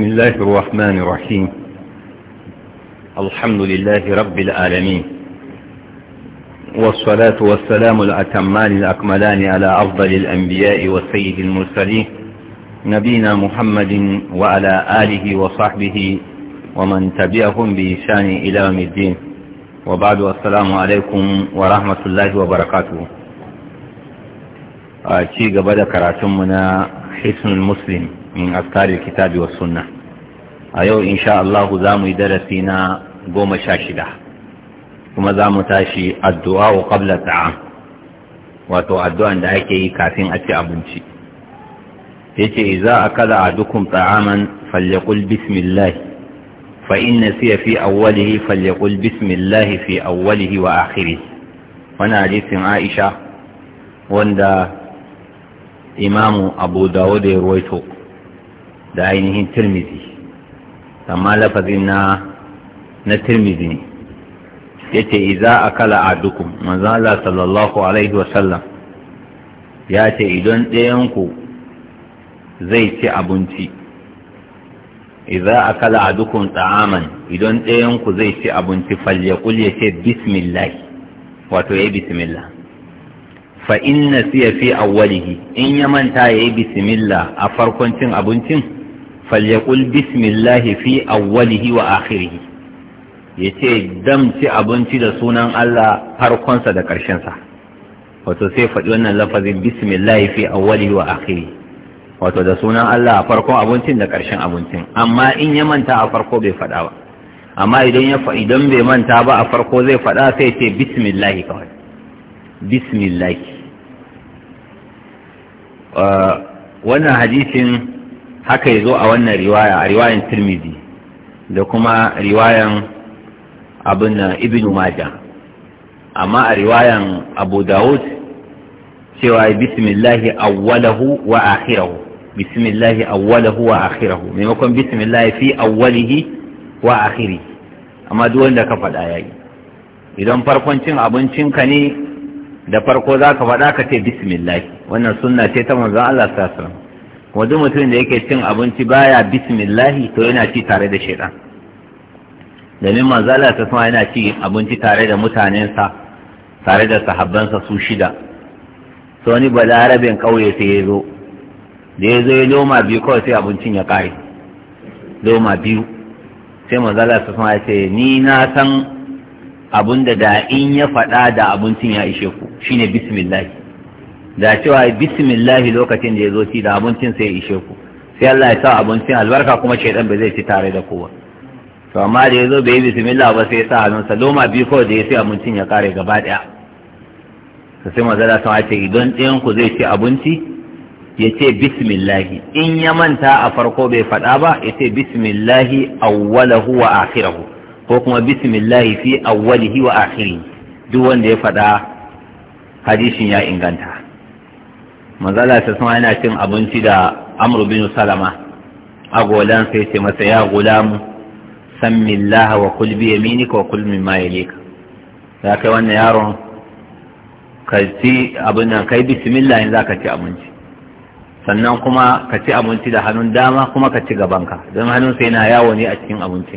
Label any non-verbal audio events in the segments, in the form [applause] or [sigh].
بسم الله الرحمن الرحيم الحمد لله رب العالمين والصلاة والسلام الأتمان الأكملان على أفضل الأنبياء والسيد المرسلين نبينا محمد وعلى آله وصحبه ومن تبعهم بإشان إلى الدين وبعد السلام عليكم ورحمة الله وبركاته أتيق آه، قبل كراتمنا حسن المسلم min azkaril kitabi wa sunna a yau insha Allah za mu yi darasi na goma sha shida kuma za mu tashi addu'a wa qabla ta'am wato addu'an da ake yi kafin a ci abinci yace idza a adukum ta'aman falyaqul bismillah fa in siya fi awwalihi falyaqul bismillah fi awwalihi wa akhirih wani hadisin Aisha wanda imamu Abu da ya ruwaito da ainihin tirmizi amma lafazin na na tirmizi ne ya ce iza a kala a dukun manzala sallallahu alaihi wasallam ya ce idan ɗayanku zai ci abinci iza a kala a dukkan tsa'aman idan ɗayanku zai ci abinci falyakul ya ce bismillah wato ya yi bismillah fa inna siya fi awwalihi in ya manta ya yi bismillah a farkon cin abincin falyakul bismillahi fi awwalihi wa akhirihi yace damci abinci da sunan Allah farkonsa da ƙarshensa wato sai faɗi wannan lafazin bismillahi fi awwalihi wa akhirihi wato da sunan Allah a farkon abincin da ƙarshen abincin amma in ya manta a farko bai faɗa ba amma idan ya fa idan bai manta ba a farko zai faɗa sai ce bismillahi kawai bismillahi wannan hadisin haka yazo a wannan riwaya a riwayan tirmidhi da kuma riwayan abin ibn majah amma a riwayan abu dawud cewa bismillahi awwalahu wa akhirahu bismillahi awwalahu wa akhirahu maimakon bismillahi fi awwalihi wa akhiri amma duk wanda ka faɗa yayi idan farkon cin abincinka ne da farko za ka faɗa ka ce bismillahi wannan sunna ce ta manzon Allah sallallahu alaihi wasallam Wajen mutum da yake cin abinci baya bismillahi to yana ci tare da shaidan domin manzo Allah ta sama yana ci abinci tare da mutanensa tare da sahabbansa su shida to wani balarabin kauye sai ya zo da ya zo ya loma biyu kawai sai abincin ya kare loma biyu sai manzo Allah ta sama ya ce ni na san abun da da in ya faɗa da abincin ya ishe ku shine bismillahi da cewa bismillah lokacin da ya zo ci da abincin sai ya ishe ku sai Allah ya sa abincin albarka kuma shaidan bai zai ci tare da ba to amma da ya zo bai yi bismillah ba sai ya sa sa doma biyu kawai da ya sai abincin ya kare gaba daya to sai maza sun ce idan ɗayan ku zai ci abinci ya ce bismillahi in ya manta a farko bai faɗa ba ya ce bismillahi awwalahu wa akhirahu ko kuma bismillahi fi awwalihi wa akhirihi duk wanda ya faɗa hadisin ya inganta manzala ta suna yana cin abinci da amru bin salama a golan sai ce masa ya gulamu sammi laha wa kul bi yaminika wa kul mimma yalika ya kai wannan yaron ka ci abin nan kai bismillah in zaka ci abinci sannan kuma ka ci abinci da hannun dama kuma ka ci gabanka don hannun sai na yawo ne a cikin abinci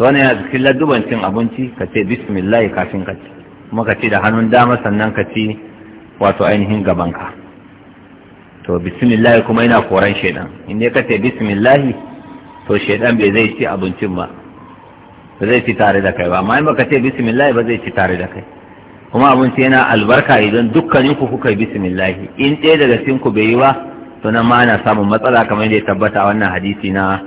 to wannan yana cikin ladduban cin abinci ka ce bismillah kafin ka ci kuma ka ci da hannun dama sannan ka ci wato ainihin gabanka to bismillah kuma yana koran shaidan in dai ce bismillah to shaidan bai zai ci abincin ba ba zai ci tare da kai ba amma in baka ce bismillah ba zai ci tare da kai kuma abinci yana albarka idan dukkanin ku kuka yi bismillah in ɗaya daga cikin ku bai yi ba to nan ma ana samun matsala kamar yadda ya tabbata wannan hadisi na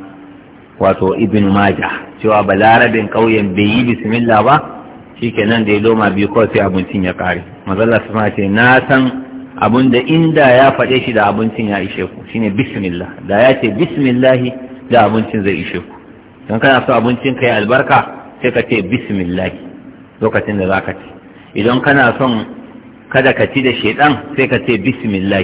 wato ibn majah cewa balarabin ƙauyen bai yi bismillah ba shikenan da ya loma biyu kawai sai abincin ya kare mazalla su ce na san da inda ya faɗe shi da abincin ya ishe ku shine bismillah da ya ce bismillah da abincin zai ishe ku don kana so abincin ka yi albarka sai ka ce bismillah lokacin da za ka ci idan kana son kada ka ci da shaidan sai ka ce bismillah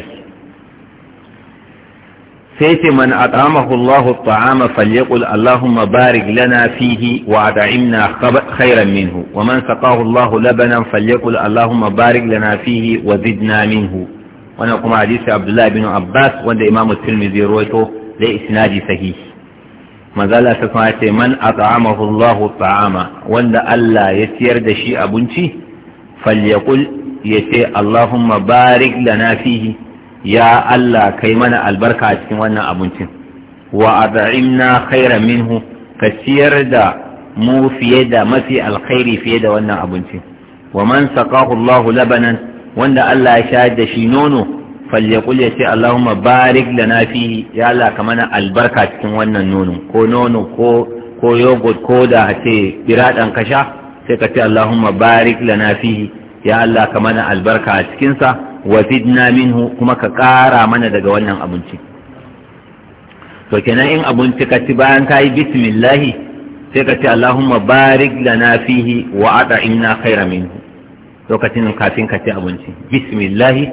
sai ce man at'amahu Allahu ta'ama falyaqul Allahumma barik lana fihi wa at'imna khayran minhu wa man saqahu Allahu labanan falyaqul Allahumma barik lana fihi wa zidna minhu wannan kuma hadisi Abdullah bin Abbas wanda Imam Tirmidhi rawaito da isnadi sahih manzo Allah ta kuma ce man at'amahu Allahu ta'ama wanda Allah ya ciyar da shi abinci falyaqul yace Allahumma barik lana fihi ya Allah kai mana albarka a cikin wannan abincin wa ad'imna khairan minhu ka ciyar da mu fiye da mafi alkhairi fiye da wannan abincin wa man saqahu Allahu labanan wanda Allah ya shayar da shi nono falyaqul ya ce Allahumma barik lana fihi ya Allah ka mana albarka cikin wannan nono ko nono ko ko yogurt ko da ce biradan kasha sai ka ce Allahumma barik lana fihi ya Allah ka mana albarka a cikin sa wa zidna minhu kuma ka ƙara mana daga wannan abinci to kenan in abinci ka ci bayan ka yi bismillahi sai ka ce allahumma barik lana fihi wa at'imna khayra minhu lokacin kafin ka ci abinci bismillahi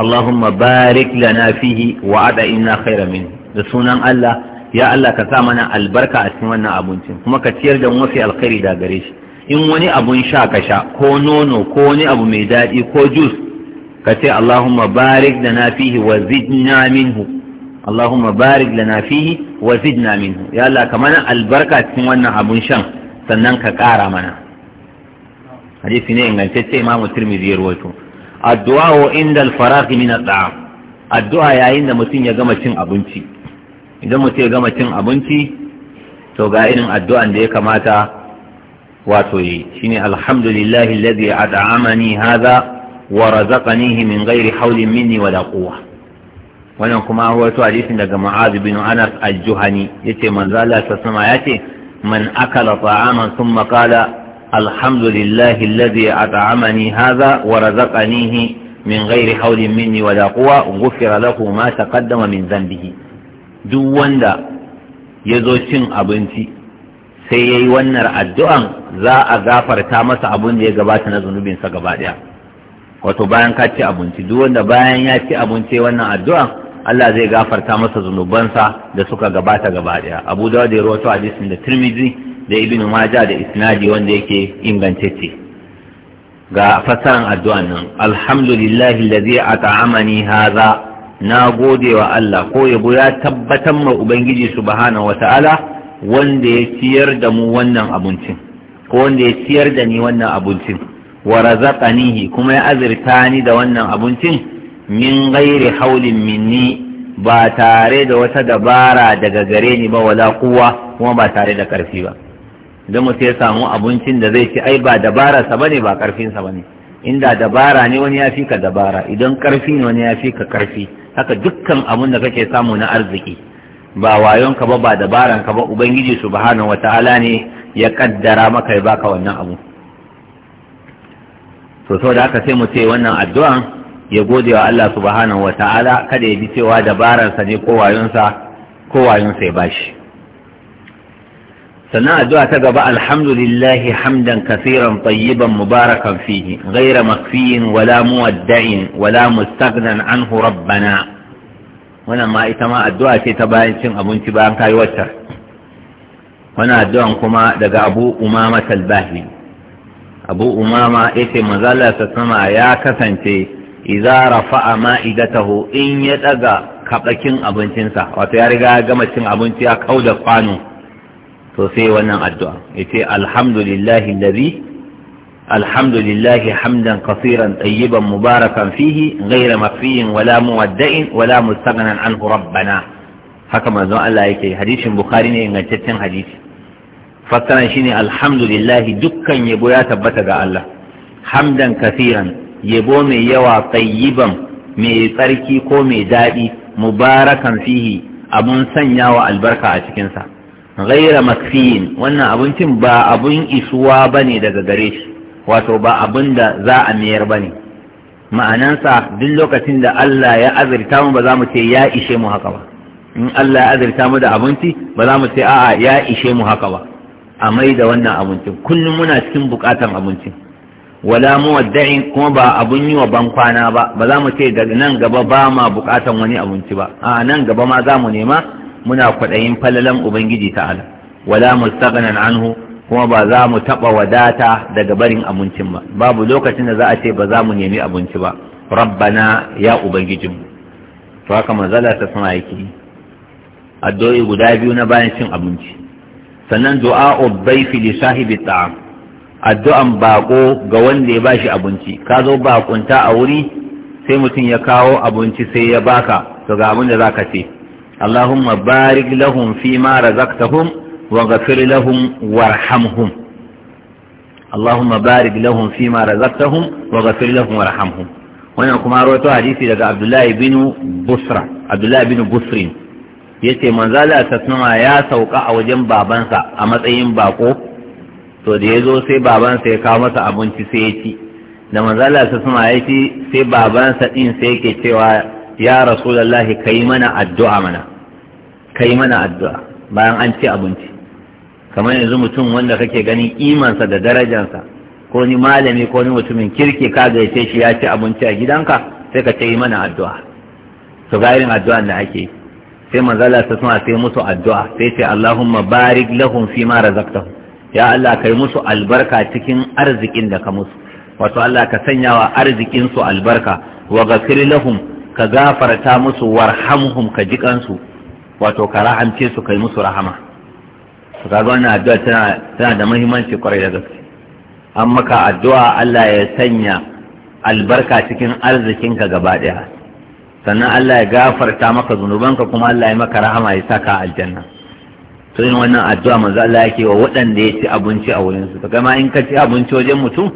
allahumma barik lana fihi wa at'imna khayra minhu da sunan Allah ya Allah ka sa mana albarka a cikin wannan abincin kuma ka ciyar da mafi alkhairi da gare shi in wani abun sha ka sha ko nono ko wani abu mai daɗi ko jus ka ce Allahumma barik lana fihi wa zidna minhu Allahumma barik na fihi wa zidna minhu ya Allah ka mana albarka cikin wannan abun shan sannan ka ƙara mana hadisi ne ingantacce imamu tirmidhi ya rawaito addu'a inda al min at addu'a yayin da mutum ya gama cin abinci idan mutum ya gama cin abinci to ga irin addu'an da ya kamata wato yi shine alhamdulillahi alladhi at'amani hadha wa razaqanihi min ghairi hawlin minni wala quwwa wannan kuma an rawaito hadisin daga Mu'adh bin Anas al-Juhani yace manzo Allah sallallahu yace man akala ta'aman thumma qala alhamdulillahi alladhi at'amani hadha wa razaqanihi min ghairi hawlin minni wala quwwa ghufira lahu ma taqaddama min dhanbihi duk wanda yazo cin abinci sai yayi wannan addu'an za a gafarta masa abin da ya gabata na zunubinsa gaba daya wato bayan ka ci abinci duk wanda bayan ya ci abinci wannan addu'a Allah zai gafarta masa zunubansa da suka gabata gaba daya Abu Dawud ya rawaito hadisin da Tirmidhi da Ibn Majah da isnadi wanda yake ingantacce ga fasaran addu'an nan alhamdulillahi allazi at'amani hadha na gode wa Allah ko yabo ya tabbatar ma ubangiji subhanahu wata'ala wanda ya ciyar da mu wannan abincin ko wanda ya ciyar da ni wannan abincin wa razaqanihi kuma ya azirta ni da wannan abincin min gairi haulin minni ba tare da wata dabara daga gare ni ba wala kuwa kuma ba tare da karfi ba idan mutum ya samu abincin da zai ci ai ba sa bane ba sa bane inda dabara ne wani ya fi ka dabara idan karfi ne wani ya fi ka karfi haka dukkan abun da kake samu na arziki ba wayonka ba ba dabaranka ba ubangiji subhanahu wataala ne ya kaddara maka ya baka wannan abun. to da haka sai mu ce wannan addu'an ya gode wa Allah subhanahu wata'ala kada ya ji cewa dabararsa ne ko wayonsa ya bashi sannan addu'a ta gaba alhamdulillahi hamdan kasiran tayyiban mubarakan fihi ghaira makfiyin wala muwadda'in wala mustaghnan anhu rabbana wannan ma ita ma addu'a ce ta bayan cin abinci bayan kayi wata. wannan addu'an kuma daga Abu Umama Talbahi abu umama yace manzala ta sama ya kasance idza rafa'a ma'idatahu in ya daga kabakin abincinsa wato ya riga ya gama cin abinci ya kauda kwano to sai wannan addu'a yace alhamdulillahi alladhi alhamdulillahi hamdan kaseeran tayyiban mubarakan fihi ghayra mafiyin wala muwadda'in wala mustaghnan anhu rabbana haka manzo Allah yake hadisin bukhari ne ingantaccen hadisi shi shine alhamdulillahi, dukkan yabo ya tabbata ga Allah hamdan kasiran yabo mai yawa tayyiban mai tsarki ko mai daɗi mubarakan fihi abun wa albarka a cikinsa Gaira makfiyin wannan abincin ba abun isuwa ne daga gare shi wato ba abun da za a mayar bane ma'anansa duk lokacin da Allah ya azurta mu ba za mu ce ya ishe mu haka ba in Allah ya azurta mu da abinci ba za mu ce a'a ya ishe mu haka ba a mai da wannan abincin kullum muna cikin bukatan abincin wala mu muwadda'in kuma ba abun yi wa bankwana ba ba za mu ce daga nan gaba ba ma bukatan wani abinci ba a nan gaba ma za mu nema muna kwaɗayin falalan ubangiji ta'ala wala mustaghnan anhu kuma ba za mu taɓa wadata daga barin abincin ba babu lokacin da za a ce ba za mu nemi abinci ba rabbana ya ubangijinmu to haka manzala ta suna yake addu'o'i guda biyu na bayan cin abinci sannan du'a dhaifi li sahibi ta'am addu'an bako ga wanda ya bashi abinci ka zo bakunta a wuri sai mutum ya kawo abinci sai ya baka to ga abin da zaka ce Allahumma barik lahum fi ma razaqtahum wa ghafir lahum warhamhum Allahumma barik lahum fi ma razaqtahum wa ghafir lahum warhamhum wannan kuma rawaito hadisi daga Abdullahi bin Busra Abdullahi bin Busrin yace manzala tasnama ya sauka a wajen babansa a matsayin bako to da ya zo sai babansa ya kawo masa abinci sai ya ci da manzala tasnama ya ci sai babansa din sai ke cewa ya ka yi mana addu'a mana ka yi mana addu'a bayan an ci abinci kamar yanzu mutum wanda kake ganin imansa da darajansa ko ni malami ko ni mutumin kirki ka gaishe shi ya ci abinci a gidanka sai ka ce yi mana addu'a to ga irin addu'an da ake yi sai manzala ta suna sai musu addu'a sai ce Allahumma barik lahum fi ma razaqtahum ya Allah kai musu albarka cikin arzikin da ka musu wato Allah ka sanya wa arzikin su albarka wa ghafir lahum ka gafarta musu warhamhum ka jikan su wato ka rahamce su kai musu rahama a ga wannan addu'a tana tana da muhimmanci kwarai da gaske amma maka addu'a Allah ya sanya albarka cikin arzikinka gaba daya sannan Allah ya gafarta maka zunubanka kuma Allah ya maka rahama ya saka aljanna to yin wannan addu'a manzo Allah yake wa waɗanda ya ci abinci a wurin su to kai ma in ka ci abinci wajen mutum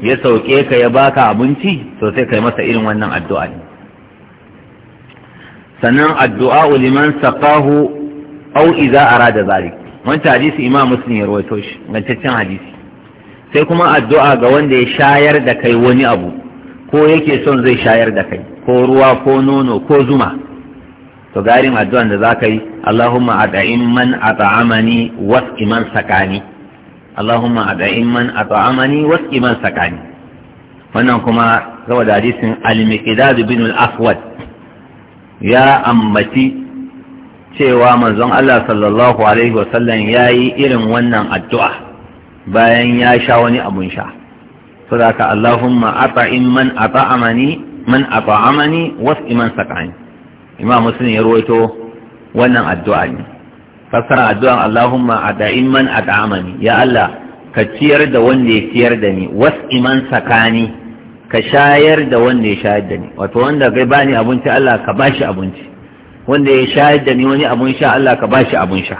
ya sauke ka ya baka abinci to sai kai masa irin wannan addu'a ne sannan addu'a liman saqahu aw idza arada zalik wannan hadisi imam muslim ya rawaito shi gantaccen hadisi sai kuma addu'a ga wanda ya shayar da kai wani abu ko yake son zai shayar da kai ko ruwa ko nono ko zuma to garin addu'an da za ka yi Allahumma ad'im man at'amani wasqi iman sakani Allahumma ad'im man at'amani wasqi iman sakani wannan kuma saboda hadisin al-miqdad bin al-aswad ya ambaci cewa manzon Allah sallallahu alaihi wasallam yayi irin wannan addu'a bayan ya sha wani abun sha saboda Allahumma ata'im man ata'amani man ata'amani wasqi man saqani imam muslim ya ruwaito wannan addu'a ne fassara addu'an Allahumma ata'im man ata'amani ya Allah ka ciyar da wanda ya ciyar da ni wasqi iman saqani ka shayar da wanda ya shayar da ni wato wanda kai bani abinci Allah ka bashi abinci wanda ya shayar da ni wani abun sha Allah ka bashi abun sha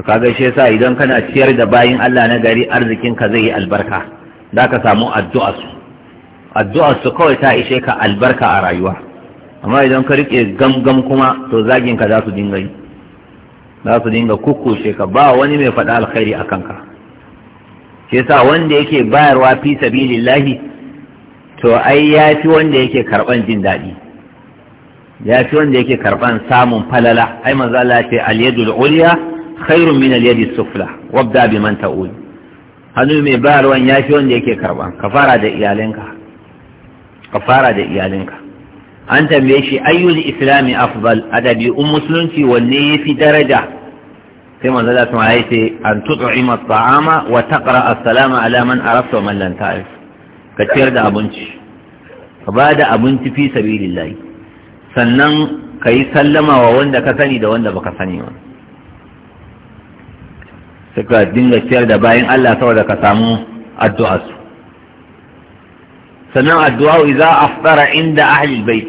to kaga shi yasa idan kana ciyar da bayin Allah na gari arzikin ka zai yi albarka za ka samu addu'arsu addu'arsu kawai ta ishe ka albarka a rayuwa amma idan ka riƙe gamgam kuma to zaginka za su dinga yi za su dinga kukkushe ka ba wani mai faɗa alkhairi a kanka ke sa wanda yake bayarwa fi sabilillahi to ai ya fi wanda yake karɓan jin daɗi ya fi wanda yake karɓan samun falala ai manzo Allah ya ce al-yadul ulya khairun min al-yadi sufla wabda bi man ta'ul hannu mai bayarwan ya fi wanda yake karba ka fara da iyalinka ka fara da iyalinka an tambaye shi ayyul islami afdal a um musulunci wanne yafi fi daraja sai manzo da sun haife an tut'ima at-ta'ama wa taqra as-salama ala man arafta wa man lam ta'rif ka ciyar da abinci ka ba da abinci fi sabilillah sannan ka yi sallama wa wanda ka sani da wanda baka sani ba suka dinga ciyar da bayan Allah saboda ka samu addu'a su sannan addu'a idza afdara inda ahli bait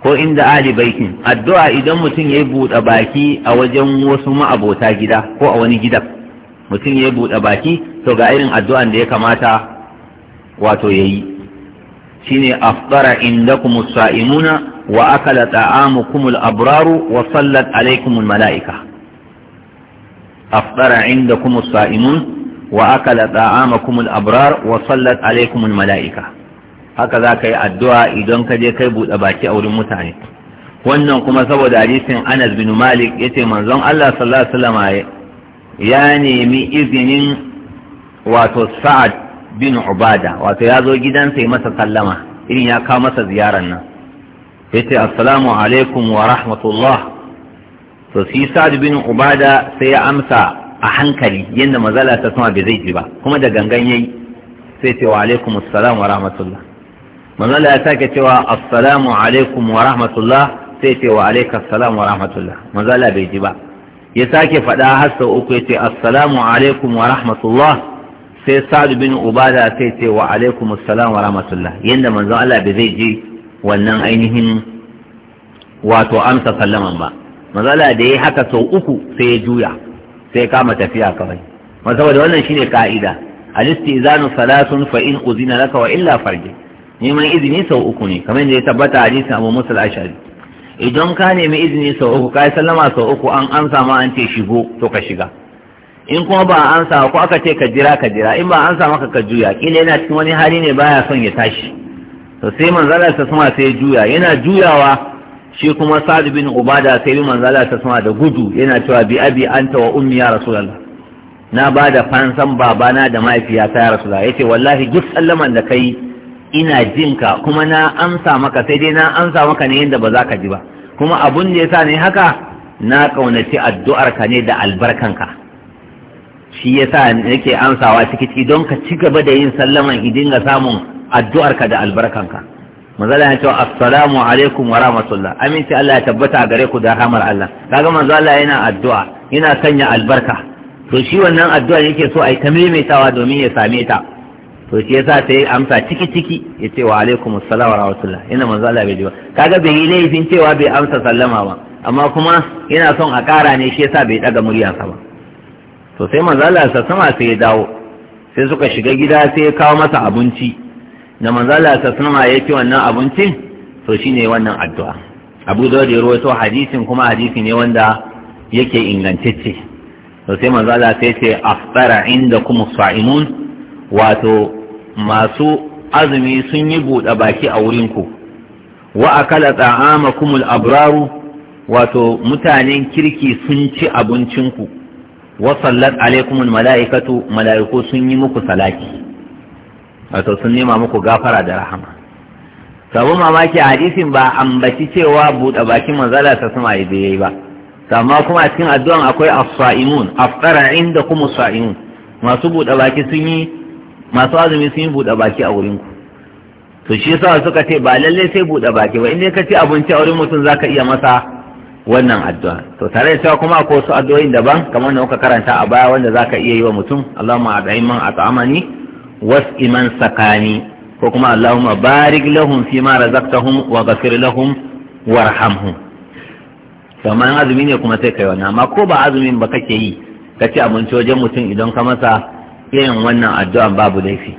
ko inda ahli baitin addu'a idan mutum ya buɗe baki a wajen wasu ma'abota gida ko a wani gidan mutum ya buɗe baki to ga irin addu'an da ya kamata wato yayi shine afdara indakum as-sa'imuna wa akala ta'amukum al-abraru wa sallat alaykum al-mala'ika afdara inda as-sa'imun wa akala ta'amakum abrar wa sallat alaykum malaika haka za ka yi addu'a idan ka je kai buɗe baki a wurin mutane wannan kuma saboda hadisin Anas bin Malik yace manzon Allah sallallahu alaihi wasallam ya nemi izinin wato Sa'ad bin Ubada wato ya zo gidansa ya masa sallama irin ya kawo masa ziyarar nan yace assalamu alaikum wa rahmatullah to shi sa'ad bin ubada sai ya amsa a hankali yadda mazala ta sama bai zai ji ba kuma da gangan yayi sai ce wa alaikum assalam wa rahmatullah mazala ya sake cewa assalamu alaikum wa rahmatullah sai ce wa alaika assalam wa rahmatullah mazala bai ji ba ya sake faɗa har sau uku ya ce assalamu alaikum wa rahmatullah sai sa'ad bin ubada sai ce wa alaikum assalam wa rahmatullah yadda manzon Allah bai zai ji wannan ainihin wato amsa sallaman ba mazala da ya yi haka sau uku sai ya juya sai ya kama tafiya kawai saboda wannan shine ka'ida al-istizanu salatun fa in uzina laka wa illa farge. neman izini sau uku ne kamar yadda ya tabbata hadisin Abu Musa al-Ash'ari idan ka nemi izini sau uku kai sallama sau uku an amsa ma an ce shigo to ka shiga in kuma ba an sa ko aka ce ka jira ka jira in ba an maka ka juya kila yana cikin wani hali ne baya son ya tashi to sai manzalar sa suma sai juya yana juyawa shi kuma sa'ad bin ubada sai bi manzo Allah ta sama da gudu yana cewa bi abi anta wa ummi ya rasulullah na ba da fansan babana da mahaifiyata ya rasulullah yace wallahi duk sallaman da kai ina jinka kuma na amsa maka sai dai na amsa maka ne yanda ba za ka ji ba kuma abun da yasa ne haka na kaunaci addu'ar ka ne da ka shi yasa nake amsawa ciki don ka ci gaba da yin sallaman idin dinga samun addu'ar ka da albarkanka manzala ya cewa assalamu alaikum wa rahmatullah aminci Allah ya tabbata gare ku da hamar Allah kaga Manzala yana addu'a yana sanya albarka to shi wannan addu'a yake so ai ta maimaitawa domin ya same ta to shi yasa yi amsa ciki ciki ya ce wa alaikum assalam wa rahmatullah ina manzala bai ji ba kaga bai yi laifin cewa bai amsa sallama ba amma kuma yana son a kara ne shi yasa bai daga muryarsa ba to sai manzo Allah sa sama sai ya dawo sai suka shiga gida sai ya kawo masa abinci da manzala ta sama ya wannan abincin to shine wannan addu'a abu da ya rawaito hadisin kuma hadisi ne wanda yake ingantacce to sai manzala sai ce aftara inda kuma sa'imun wato masu azumi sun yi buɗe baki a wurinku wa akala tsa'ama kumul abraru wato mutanen kirki sun ci abincinku wa sallat alaikumul mala'ikatu mala'iku sun yi muku salaki. wato sun nema muku gafara da rahama sabu mamaki a hadisin ba ambaci cewa buɗe bakin manzala ta sama da yayi ba amma kuma a cikin addu'an akwai as-sa'imun afqara inda kuma sa'imun masu buɗe baki sun yi masu azumi sun yi buɗe baki a wurin ku to shi yasa suka ce ba lalle sai buɗe baki ba in ka ci abinci a wurin mutum zaka iya masa wannan addu'a to tare da cewa kuma akwai wasu addu'o'in daban kamar da muka karanta a baya wanda zaka iya yi wa mutum Allahumma at'im a at'amani was'iman tsakani ko kuma Allahumma barik lahum fi ma razaqtahum wa ghafir lahum warhamhum kamar azumi ne kuma sai kai wannan amma ko ba azumin ba kake yi kace abinci wajen mutum idan ka masa irin wannan addu'a babu laifi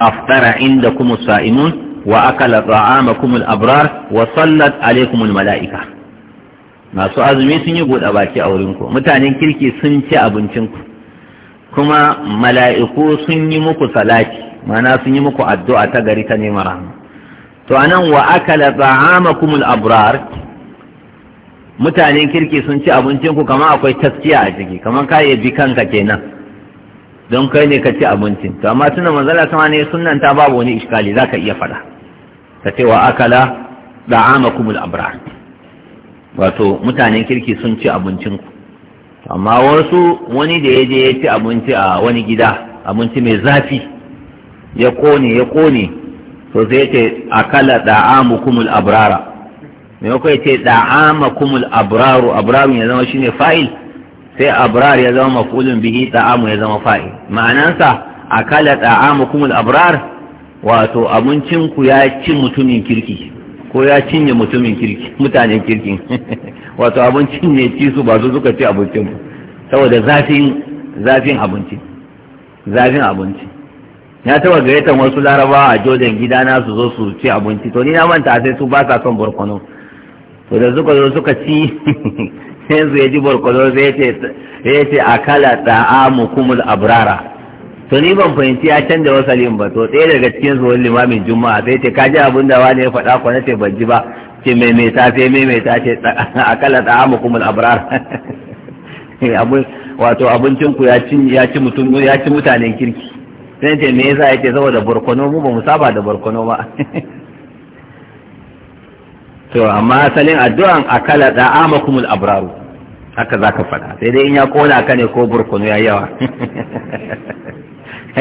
aftara indakum sa'imun wa akala ta'amakum al-abrar wa sallat alaykum al-mala'ika masu azumi sun yi buɗe baki a wurinku mutanen kirki sun ci abincinku kuma mala'iku sun yi muku salati mana sun yi muku addu'a ta gari ta neman rahama to anan wa akala ta'amakumul abrar mutanen kirki sun ci abincin ku kamar akwai taskiya a ciki kamar ka bi kanka kenan don kai ne ka ci abincin to amma tuna manzala sama ne sunnan ta babu wani iskali zaka iya fada Ta ce wa akala ta'amakumul abrar wato mutanen kirki sun ci abincin ku amma wasu wani da ya je ya ci abinci a wani gida abinci mai zafi ya kone ya kone to sai ya ce da'amu kumul abrara maimakon ya ce kumul abraru abraru ya zama shine fa'il sai abrar ya zama mafulun bihi da'amu ya zama fa'il ma'anansa da'amu kumul abrar wato abincinku ya ci mutumin kirki ko ya cinye mutumin kirki mutanen kirki [laughs] wato abincin ne ci su ba su suka ci abincin ba saboda zafin zafin abinci zafin abinci Ya taba gayyatar wasu larabawa a gida gidana su zo su ci abinci to ni na manta sai su ba sa son barkono to da suka zo suka ci yanzu [laughs] ya ji barkono sai ce a kala da'amu kumul abrara to ni ban fahimci ya canza wasalin ba to ɗaya daga cikin su wani limamin juma'a sai ce ka ji abin da wani ya faɗa ko na ce ban ji ba ce maimaita sai maimaita ce [laughs] akala ta'amukum al kuma [laughs] abun wato abincin ku ya ci ya ci mutum ya ci mutanen kirki sai ce me yasa yake saboda barkono mu ba mu saba da barkono ba [laughs] to amma asalin addu'an ta ta'amukum kuma al'abrar haka zaka faɗa sai dai in ya kona ka ne ko barkono ya yawa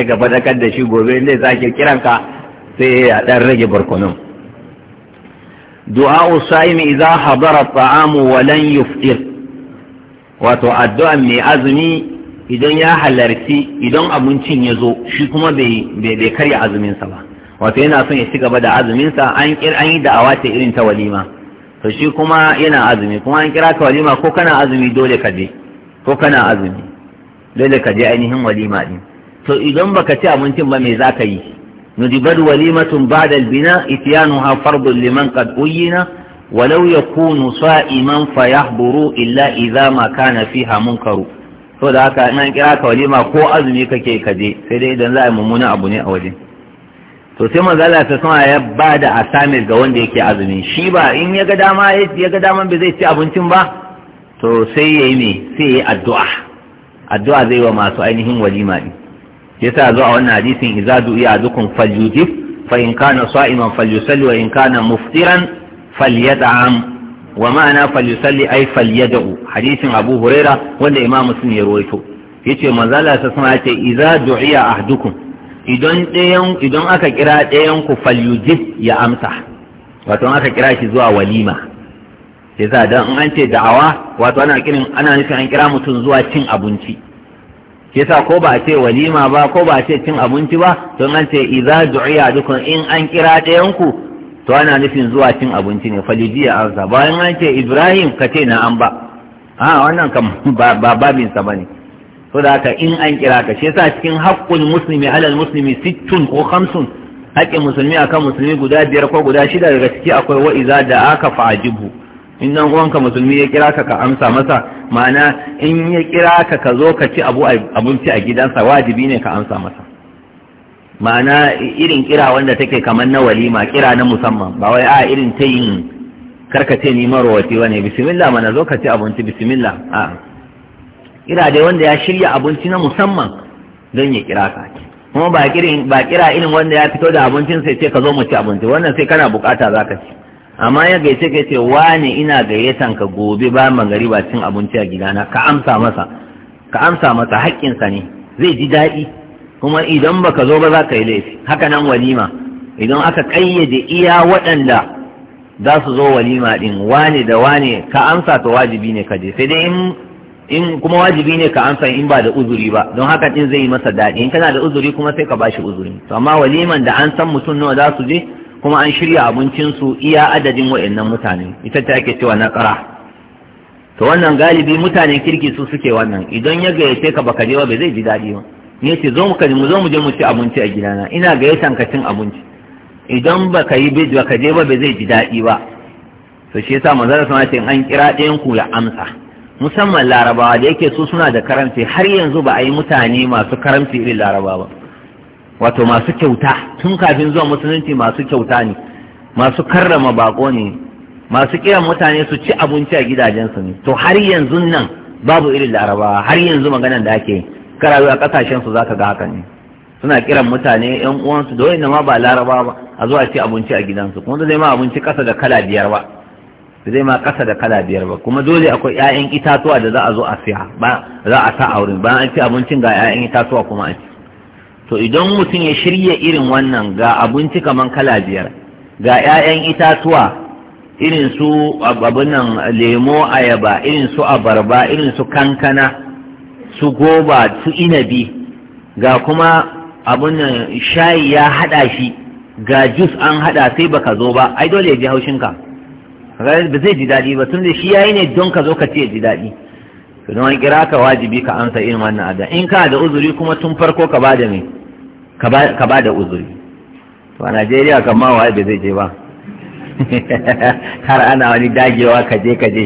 gaba da kan da shi gobe ne zaki kiranka sai ya dan rage barkonon du'a usaim idza hadara at'amu wa lan wato addu'a mai azumi idan ya halarci idan abincin ya zo shi kuma bai karya azuminsa ba wato yana son ya ci gaba da azuminsa an yi da'awa irin ta walima to shi kuma yana azumi kuma an kira ka walima ko kana azumi dole ka je ko kana azumi dole ka je ainihin walima din to idan baka ci abincin ba me za ka yi ندبت وليمة بعد البناء إتيانها فرض لمن قد nusa iman يكون صائما فيحضر إلا إذا ما كان فيها منكر so da haka nan kira ka walima ko azumi kake kaje sai dai idan za a mummuna abu ne a waje to sai manzo sama ya ba da asamis ga wanda yake azumi shi ba in ya ga dama ya ga daman bai zai ci abincin ba to sai yayi mai sai yayi addu'a addu'a zai yi wa masu ainihin walima ne yasa zo a wannan hadisin idza du'iya dukun falyujib fa in kana sa'iman falyusalli wa in kana muftiran falyat'am wa ma'ana falyusalli ay falyad'u hadisin abu huraira wanda imamu sun ya rawaito yace manzo Allah ta sama yace idza du'iya ahdukum idan ɗayan idan aka kira dayan ku falyujib ya amsa wato aka kira shi zuwa walima yasa dan an ce da'awa wato ana kirin ana nufin an kira mutum zuwa cin abinci yasa ko ba a ce walima ba ko ba a ce cin abinci ba don an ce idza du'iya dukun in an kira ɗayan ku to ana nufin zuwa cin abinci ne falidiya arza bayan an ce ibrahim ka ce na an ba a wannan kam [laughs] ba babin sa bane to da haka in an kira ka shi yasa cikin haqqul muslimi alal muslimi sittun ko khamsun haƙƙin musulmi akan musulmi guda biyar ko guda shida daga ciki akwai wa idza da'aka fa'ajibu in dan uwanka musulmi ya kira ka ka amsa masa ma'ana in ya kira ka ka zo ka ci abu abinci a gidansa wajibi ne ka amsa masa ma'ana irin kira wanda take kamar na walima kira na musamman ba wai a irin ta yin karkace ni marowaci wane bismillah mana zo ka ci abinci bismillah a kira dai wanda ya shirya abinci na musamman don ya kira ka kuma ba kira irin wanda ya fito da abincin sai ce ka zo mu ci abinci wannan sai kana bukata ka ci amma ya gaice ka ce wane ina gayyatan ka gobe ba ba cin abinci a gidana ka amsa masa ka amsa masa haƙƙinsa ne zai ji daɗi kuma idan baka zo ba za ka yi laifi haka nan walima idan aka ƙayyade iya waɗanda za su zo walima ɗin wane da wane ka amsa to wajibi ne ka je sai dai in kuma wajibi ne ka amsa in ba da uzuri ba don haka ɗin zai yi masa daɗi in kana da uzuri kuma sai ka bashi uzuri to amma waliman da an san mutum nawa za su je kuma an shirya abincinsu iya adadin wa'annan mutane ita ta ake cewa na ƙara to wannan galibi mutanen kirki su suke wannan idan ya gayyace ka baka je ba bai zai ji daɗi ba ne ce zo mu mu zo mu je mu ci abinci a gidana ina gayyatan ka cin abinci idan baka yi bai baka je ba bai zai ji daɗi ba to shi yasa manzon sama ce an kira ɗayan ku ya amsa musamman larabawa da yake su suna da karamci har yanzu ba a yi mutane masu karamci irin larabawa ba wato masu kyauta tun kafin zuwa musulunci masu kyauta ne masu karrama bako ne masu kiran mutane su ci abinci a gidajensu ne to har yanzu nan babu irin larabawa har yanzu maganan da ake karayu a kasashen su zaka ga haka ne suna kiran mutane yan uwansu da wani ma ba laraba ba a zuwa ci abinci a gidansu kuma zai ma abinci kasa da kala biyar ba zai ma kasa da kala biyar ba kuma dole akwai ƴaƴan itatuwa da za a zo a siya ba za a sa a wurin bayan an ci abincin ga ƴaƴan itatuwa kuma a ci to idan mutum ya shirya irin wannan ga abinci kaman kala biyar ga 'ya'yan itatuwa irin su abin nan lemo ayaba irin su abarba irin su kankana su goba su inabi ga kuma abin nan shayi ya haɗa shi ga jus an haɗa sai baka zo ba ai dole ya ji haushinka ba zai ji daɗi ba tun da shi yayi ne don ka zo ka ce ji daɗi to don kira ka wajibi ka amsa irin wannan adda in ka da uzuri kuma tun farko ka bada me ka bada uzuri to a Najeriya kan ma wa zai je ba [laughs] har ana wani dagewa ka je ka je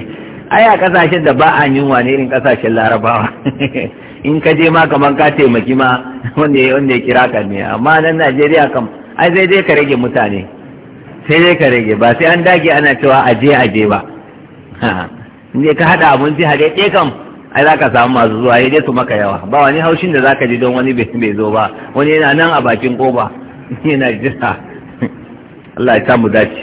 ai a kasashen da ba a yunwa ne irin kasashen larabawa [laughs] in ka je ma kaman ka taimaki ma wanda ya wanda kira ka ne amma nan Najeriya kam ai sai dai ka rage mutane sai dai ka rage ba sai an dage ana cewa aje aje ba [laughs] in ka hada abinci hade kam ai za ka samu masu zuwa ya dai su maka yawa ba wani haushin da za ka ji don wani bai zo ba wani yana nan a bakin koba [laughs] yana jira Allah ya samu dace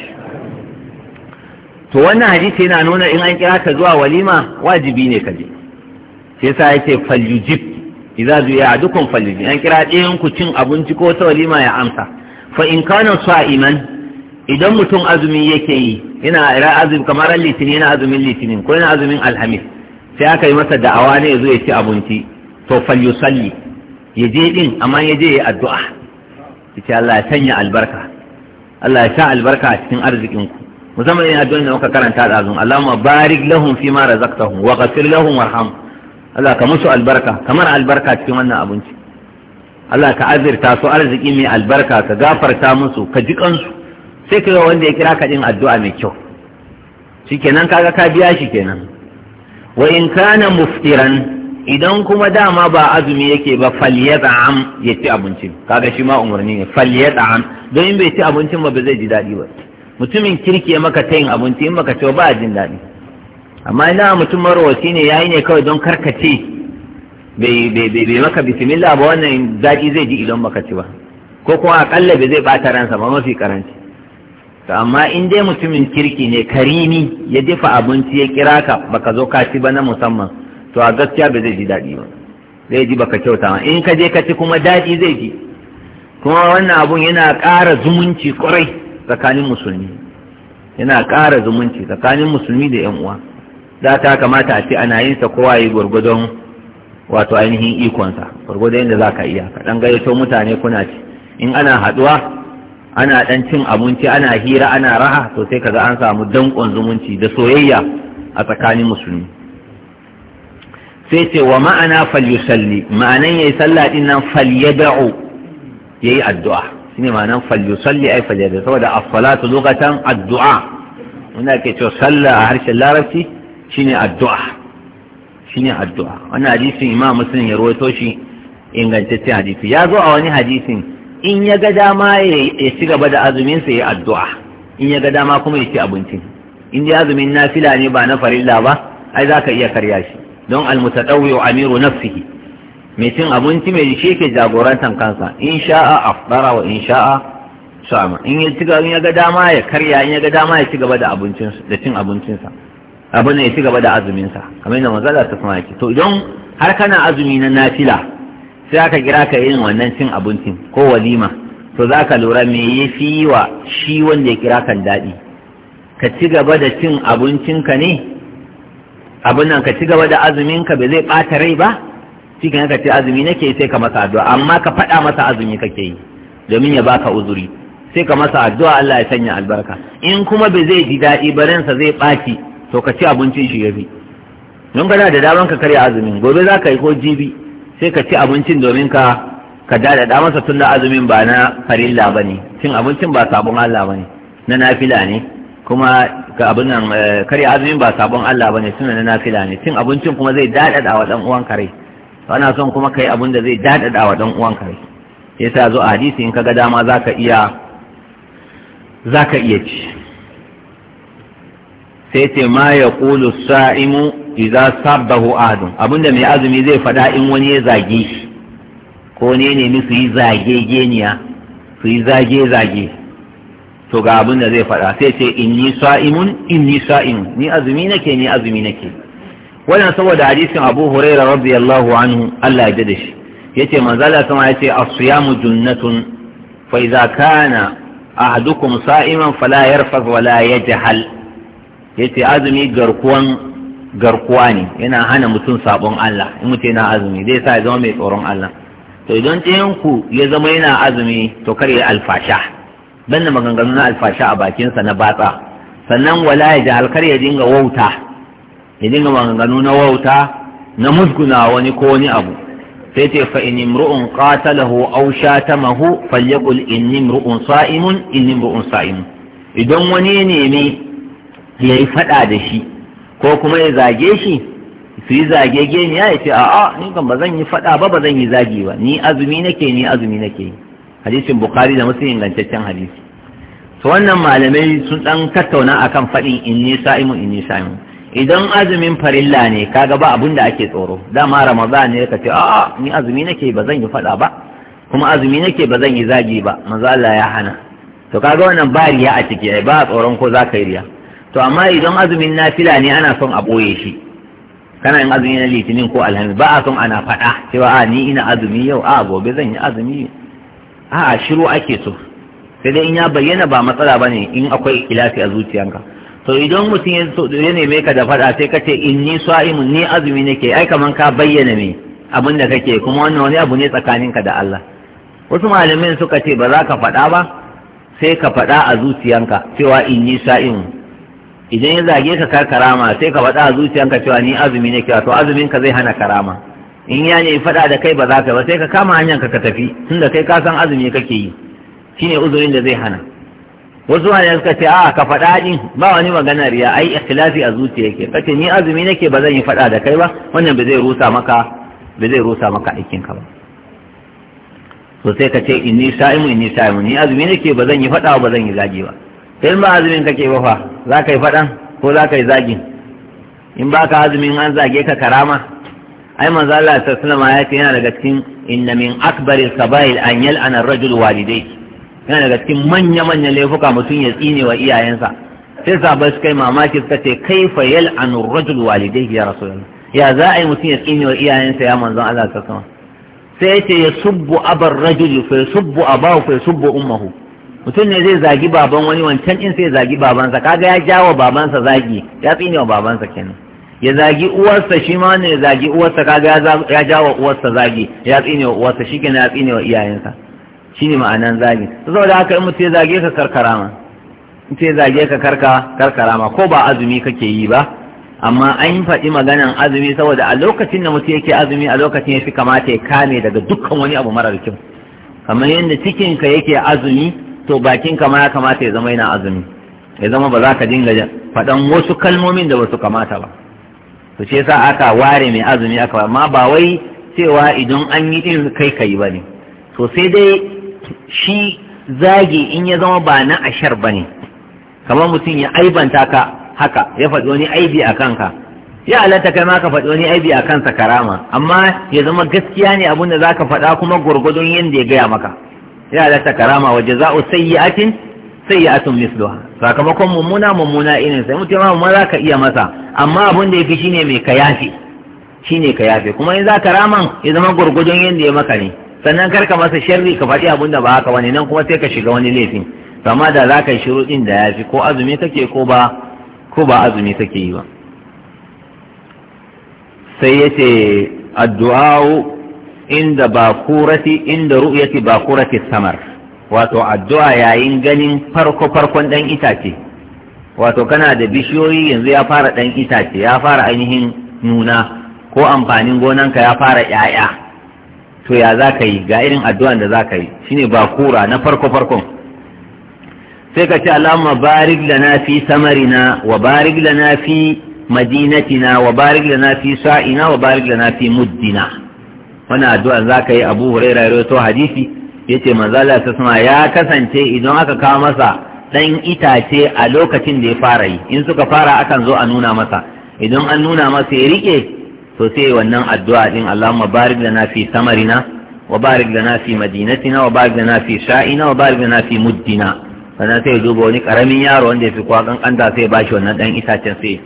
to wannan hadisi yana nuna in an kira ka zuwa walima wajibi ne ka je sai yasa yake falyujib idza ya dukun falyujib an kira ɗayan ku cin abinci ko ta walima ya amsa fa in kana sa'iman idan mutum azumi yake yi yana azumi kamar litinin yana azumin litinin ko yana azumin alhamis sai aka yi masa da'awa ne ya zo ya ci abinci to falyusalli ya je din amma ya je ya addu'a yace Allah ya sanya albarka Allah ya sha albarka a cikin arzikin ku musamman yin addu'a da muka karanta da azun Allahumma barik lahum fi ma razaqtahum wa ghfir lahum warham Allah ka musu albarka kamar albarka cikin wannan abinci Allah ka azirta su arziki mai albarka ka gafarta musu ka ji kansu sai ka wanda ya kira ka din addu'a mai kyau shikenan kaga ka biya shi kenan wa in kana muftiran idan kuma dama ba azumi yake ba falyat'am ya ci abincin kaga shi ma umarni ne falyat'am don in bai ci abincin ba zai ji daɗi ba mutumin kirki ya maka tayin abinci in maka ci ba jin daɗi amma ina mutum marwaci ne yayi ne kawai don karkace bai bai maka bismillah ba wannan daɗi zai ji idan maka ci ba ko kuma akalla bai zai bata ransa ba mafi karanci to amma in dai mutumin kirki ne karimi ya dafa abinci ya kira ka baka zo ka ba na musamman to a gaskiya ba zai ji daɗi ba zai ji baka kyauta in ka je ka ci kuma daɗi zai ji kuma wannan abun yana ƙara zumunci ƙwarai tsakanin musulmi yana ƙara zumunci tsakanin musulmi da yan uwa za ta kamata a ce ana yin sa kowa yi gwargwadon wato ainihin ikonsa gwargwadon yadda za ka iya ka ɗan gayyato mutane kuna ci in ana haɗuwa ana ɗan cin abinci ana hira ana raha to sai kaga an samu danƙon zumunci da soyayya a tsakanin musulmi sai ce wa ma'ana falyusalli ma'anan yayi sallah din nan ya yi addu'a shine ma'anan falyusalli ai falyad'u saboda a salatu lokacin addu'a wanda ke cewa sallah a harshen larabci shine addu'a shine addu'a wannan hadisin imam muslim ya rawaito shi ingantaccen hadisi ya zo a wani hadisin in ya ga dama ya ci gaba da azuminsa ya addu'a in ya ga dama kuma ya ci abincin in dai azumin nafila ne ba na farilla ba ai za ka iya karya shi don almutadawwi amiru nafsihi mai cin abinci mai shi ke jagorantar kansa in sha'a afdara wa in sha'a sama in ya ci in ya ga dama ya karya in ya ga dama ya ci gaba da abincin da cin abincinsa abin ya ci gaba da azuminsa kamar yadda manzala ta sama yake to idan har kana azumi na nafila sai aka kira ka yin wannan cin abincin ko walima to za ka lura me ya fi wa shi wanda ya kira kan daɗi ka ci gaba da cin abincinka ne abin nan ka ci gaba da azuminka ba zai ɓata rai ba shi ka ce azumi nake sai ka masa addu'a amma ka faɗa masa azumi kake yi domin ya baka uzuri sai ka masa addu'a Allah ya sanya albarka in kuma bai zai ji daɗi ba ransa zai ɓaci to ka ci abincin shi ya bi don kana da daman ka karya azumin gobe za ka yi ko jibi sai ka ci abincin domin ka ka da masa tunda azumin ba na farilla ba ne cin abincin ba sabon Allah ba ne na nafila ne kuma ga abin nan eh, kare azumin ba sabon Allah ba ne suna na nafila ne cin abincin kuma zai da wa dan uwan kare ana son kuma kai abin da zai da wa dan uwan kare ta zo a hadisi in kaga dama zaka iya zaka iya ci sai ce ma yaqulu sa'imu idza sabbahu adun abinda mai azumi zai faɗa in wani ya zage ko ne nemi su yi zage geniya su yi zage zage to ga abin da zai faɗa sai ce ni sa'imun inni sa'imun ni azumi nake ni azumi nake wannan saboda hadisin Abu Hurairah radiyallahu anhu Allah ya da shi yace manzo Allah sama yace as-siyamu junnatun fa idza kana ahadukum sa'iman fala yarfaz wala yajhal yace azumi garkuwan garkuwa ne yana hana mutum sabon Allah in mutum yana azumi zai sa ya zama mai tsoron Allah to idan ɗayan ku ya zama yana azumi to kar ya alfasha da maganganu na alfasha a bakinsa na batsa sannan wala ya jahal kar ya dinga wauta ya dinga maganganu na wauta na musguna wani ko wani abu sai ce fa in imru'un qatalahu aw shatamahu falyaqul inni imru'un sa'imun inni imru'un sa'imun idan wani ya nemi yayi fada da shi ko kuma ya zage shi su yi zage geniya ya ce a'a ni kan ba zan yi faɗa ba ba zan yi zagi ba ni azumi nake ni azumi nake hadisin bukhari da muslim ingantaccen hadisi to wannan malamai sun dan tattauna akan faɗin ni sa'imu ni sa'imu idan azumin farilla ne kaga ba abun da ake tsoro dama ramadan ne ka ce a'a ni azumi nake ba zan yi faɗa ba kuma azumi nake ba zan yi zagi ba manzo Allah ya hana to kaga wannan bariya a ciki ba tsoron ko za yi riya to amma idan azumin na fila ne ana son a ɓoye shi kana yin azumi na litinin ko alhamis ba a son ana faɗa cewa a ni ina azumi yau a gobe zan yi azumi a shiru ake so sai dai in ya bayyana ba matsala ba ne in akwai ilafi a zuciyanka to idan mutum ya mai ka da faɗa sai ka ce in ni sa'imun ni azumi nake ai kaman ka bayyana me abin da kake kuma wannan wani abu ne tsakaninka da Allah wasu malamin suka ce ba za ka faɗa ba sai ka faɗa a zuciyanka cewa in ni sa'imun idan ya zage ka kar karama sai ka faɗa a zuciyanka cewa ni azumi ne kewa to azumin ka zai hana karama in ya ne faɗa da kai ba za ka ba sai ka kama hanyar ka tafi tunda kai ka san azumi kake yi shine uzurin da zai hana wasu wani suka ce a ka faɗa din ba wani magana riya ai ikhlasi a zuciya yake kace ni azumi nake ba zan yi faɗa da kai ba wannan ba zai rusa maka ba zai rusa maka aikin ka ba to sai ka ce inni sa'imu inni sa'imu ni azumi nake ba zan yi faɗa ba zan yi zagi ba in ba azumin kake ba fa za ka yi faɗan ko za ka yi zagin in ba ka azumin an zage ka karama ai manzo Allah sallallahu alaihi ya ce yana daga cikin inna min akbaril sabail an yal ar-rajul walidai yana daga cikin manya manyan laifuka mutum ya tsine wa iyayensa sai sabai suka yi mamaki suka ce kaifa yal an rajul walidai ya rasulullah ya za a yi mutum ya tsine wa iyayensa ya manzo Allah sallallahu alaihi sai ya ce ya subbu abar rajul fa subbu abahu fa subbu ummuhu mutum ne zai zagi baban wani wancan in sai zagi babansa kaga ya jawo babansa zagi ya tsine wa babansa kenan ya zagi uwarsa shi ma ne ya zagi uwarsa kaga ya jawo uwarsa zagi ya tsine wa uwarsa shi kenan ya tsine wa iyayensa shi ne ma'anan zagi saboda haka in mutum ya zage ka karkara ma in ya zage ka karka karkara ma ko ba azumi kake yi ba amma an yi faɗi maganan azumi saboda a lokacin da mutum yake azumi a lokacin ya fi kamata ya kame daga dukkan wani abu marar kyau kamar yadda cikinka yake azumi to bakin kama ya kamata ya zama yana azumi ya zama ba za ka dinga faɗan wasu kalmomin da basu kamata ba to shi yasa aka ware mai azumi aka amma ba wai cewa idan an yi din kai kai bane to sai dai shi zagi in ya zama ba na ashar ne kamar mutum ya aibanta ka haka ya faɗi wani aibi a kanka ya alata kai ma ka faɗi wani aibi a kansa karama amma ya zama gaskiya ne abin da za ka faɗa kuma gwargwadon yadda ya gaya maka ya ta karama wa jaza'u sayyi'atin sayyi'atun misluha sakamakon mummuna mummuna irin sai mutum ma za ka iya masa amma abun da yake shine mai kayafi shine kayafi kuma in za ka raman ya zama gurgudun yanda ya maka ne sannan kar ka masa sharri ka faɗi abun da ba haka wani nan kuma sai ka shiga wani laifin amma da za ka yi shuruɗin da ya fi ko azumi kake ko ba ko ba azumi kake yi ba sai yace addu'a inda bakurati inda ru'yati bakurati samar wato addu'a yayin ganin farko farkon dan itace wato kana da bishiyoyi yanzu ya fara dan itace ya fara ainihin nuna ko amfanin gonanka ya fara yaya to ya za ka yi ga irin addu'an da za ka yi shine bakura na farko farkon sai ka ce allahumma barik lana fi samarina wa barik lana fi madinatina wa barik lana fi sa'ina wa barik lana fi muddina Wani addu'a za ka yi abu huraira ya rawaito hadisi ya ce manzala ta sama ya kasance idan aka kawo masa ɗan itace a lokacin da ya fara yi in suka fara akan zo a nuna masa idan an nuna masa ya rike to sai wannan addu'a din Allahumma barik lana fi samarina wa barik lana fi madinatina wa barik lana fi sha'ina wa barik lana fi muddina sannan sai duba wani karamin yaro wanda ya fi kwa kankanta sai ba shi wannan ɗan itacen sai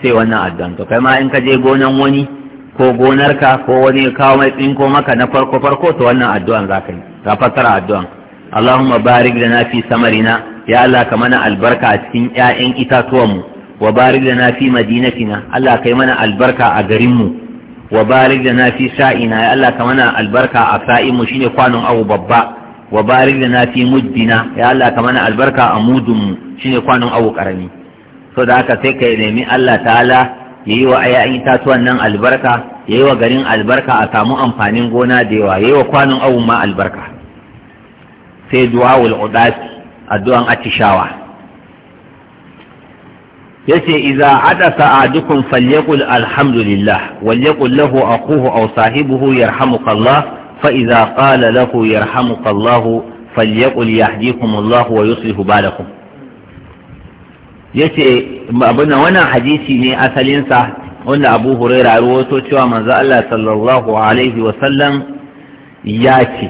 sai wannan addu'an to kai ma in ka je gonan wani ko gonarka ko wani ya kawo mai tsinko maka na farko farko to wannan addu'an za ka yi ka fassara addu'an Allahumma barik lana fi samarina ya Allah ka mana albarka a cikin ƴaƴan itatuwanmu wa barik lana fi madinatina Allah kai mana albarka a garinmu wa barik lana fi sha'ina ya Allah ka mana albarka a sa'inmu shine kwanon abu babba wa barik lana fi muddina ya Allah ka mana albarka a mudunmu shine kwanon abu karami so da haka sai ka nemi Allah ta'ala ya yi wa ayayin itatuwan nan albarka ya yi wa garin albarka a samu amfanin gona da yawa ya yi wa kwanon awun ma albarka sai duwawul udasi addu'an atishawa yace haɗasa a dukkan falyakul alhamdulillah walyaqul lahu aquhu a sahibuhu yarhamukallah fa iza ƙala lahu yarhamukallah kuma lahu wa yuslihu balakum yace abin wannan hadisi ne asalinsa wanda abu huraira ruwato cewa manzo Allah sallallahu alaihi wa wasallam ya ce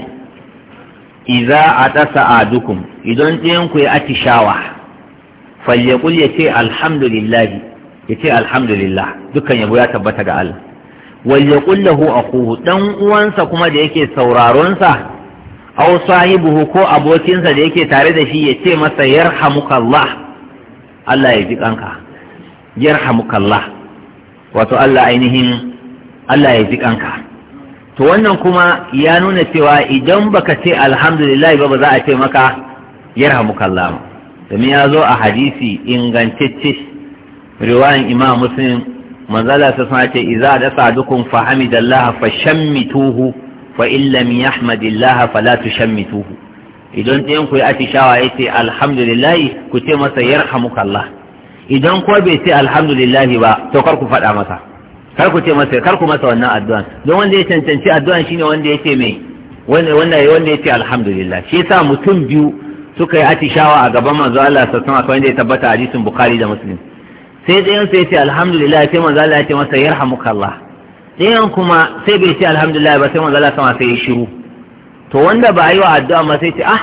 idza atasa adukum idan ɗayan ku ya atishawa falyakul yace alhamdulillah yace alhamdulillah dukkan yabo ya tabbata ga Allah walyakul lahu akhuhu dan uwansa kuma da yake sauraron sa aw sahibuhu ko abokinsa da yake tare da shi yace masa yarhamukallah Allah ya ji kanka yarhamukallah wato Allah ainihin Allah ya ji kanka to wannan kuma ya nuna cewa idan baka ce alhamdulillah ba ba za a ce maka yarhamukallah ba domin ya zo a hadisi ingantacce riwayan imam muslim manzala ta sana ce iza da sadukun fahamidallaha fa shammituhu fa illam yahmadillaha Falatu tushammituhu idan ɗayan ku ya atishawa ya ce alhamdulillah ku ce masa 'yar yarhamukallah idan ko bai ce alhamdulillah ba to kar ku faɗa masa kar ku ce masa kar ku masa wannan addu'an don wanda ya cancanci addu'an shine wanda ya ce mai wanda ya wanda ya ce alhamdulillah shi yasa mutum biyu suka yi atishawa a gaban manzo Allah sallallahu alaihi wasallam ya tabbata hadisin bukhari da muslim sai ɗayan sai ya ce alhamdulillah sai manzo Allah ya ce masa yarhamukallah ɗayan kuma sai bai ce alhamdulillah ba sai manzo Allah sama sai ya shiru to wanda ba yi wa addu'a ma sai ce ah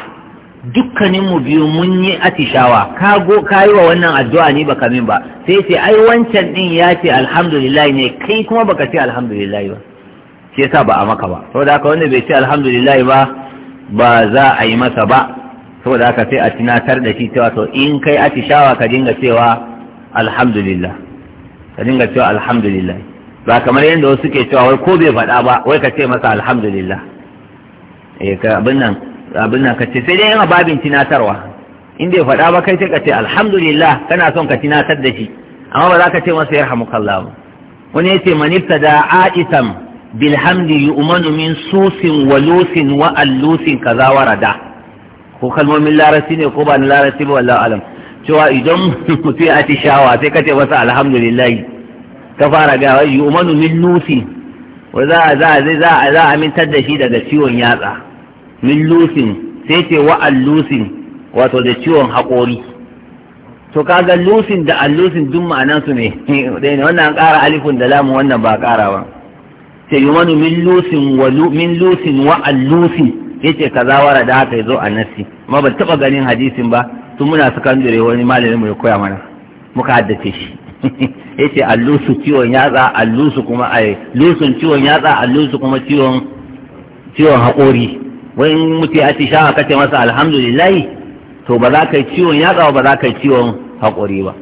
dukkanin mu biyu mun yi atishawa ka go ka yi wa wannan addu'a ni baka min ba sai ce ai wancan din ya ce alhamdulillah ne kai kuma baka ce alhamdulillah ba shi yasa ba a maka ba saboda haka wanda bai ce alhamdulillah ba ba za a yi masa ba saboda haka sai a tunatar da shi cewa to in kai atishawa ka dinga cewa alhamdulillah ka dinga cewa alhamdulillah ba kamar yadda wasu ke cewa wai ko bai faɗa ba wai ka ce masa alhamdulillah E, ka abin nan abin nan sai dai yana babin tinatarwa in ya faɗa ba kai sai ka ce alhamdulillah kana son ka tinatar da shi amma ba za ka ce masa yarhamukallah wani ya ce manifta da aisam bilhamdi yu'manu min susin wa lusin wa allusin kaza warada ko kalmomin larasi ne ko ba na larasi ba wallahi alam cewa idan [laughs] mutum ya shawa sai kace masa alhamdulillah ka fara yi yu'manu min nusin wai za a za a zai za a za a amintar da shi daga ciwon yatsa min lusin sai ce wa allusin wato da ciwon haƙori to kaga lusin da allusin duk ma'anan su ne wannan ƙara alifun da lamu wannan ba ƙara ba sai wani min lusin wa min lusin wa allusin yace kaza wara da haka yazo a nassi amma ban taba ganin hadisin ba tun muna sakandare wani malamin mu ya koya mana muka haddace shi [laughs] yace allusu ciwon yatsa allusu kuma ai lusun ciwon yatsa allusu kuma ciwon ciwon haƙori wai mutu ya ci shawa kace masa alhamdulillah to ba za ka yi ciwon yatsa ba za ka yi ciwon haƙori ba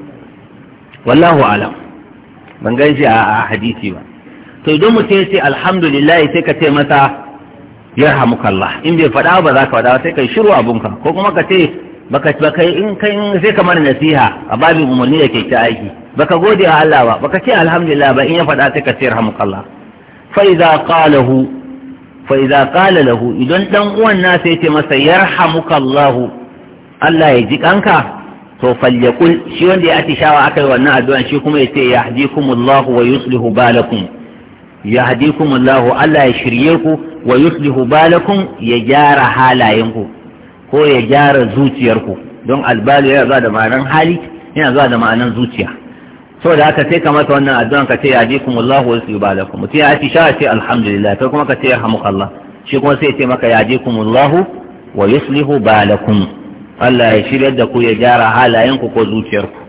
wallahu alam ban gan shi a hadisi ba to idan mutum ya ce alhamdulillah sai ka ce masa yarhamukallah in bai faɗa ba za ka faɗa sai ka shiru abunka ko kuma ka ce baka baka in kai sai kamar nasiha a babin umarni da ke ta aiki baka gode wa Allah ba baka ce alhamdulillah ba in ya faɗa sai ka ce rahmukallah fa idza qalahu fa idza qala lahu idan dan uwan na sai yace masa yarhamukallah Allah ya ji kanka to falyakul shi wanda ya atishawa akai wannan addu'an shi kuma yace yahdikumullahu wa yuslihu balakum yahdikumullahu Allah ya shirye ku wa yuslihu balakum ya gyara halayen ku ko ya gyara zuciyarku don albalu ya zuwa da ma'anar hali yana zuwa da ma'anar zuciya da aka sai ka masa wannan addu'an ka ce ya ji kuma Allah wa yusi balakum mutum ya ci sha ce alhamdulillah kai kuma ka ce ya hamu Allah shi kuma sai ya ce maka ya ji kuma Allah wa yuslihu balakum Allah ya shiryar da ku ya gyara ku ko zuciyarku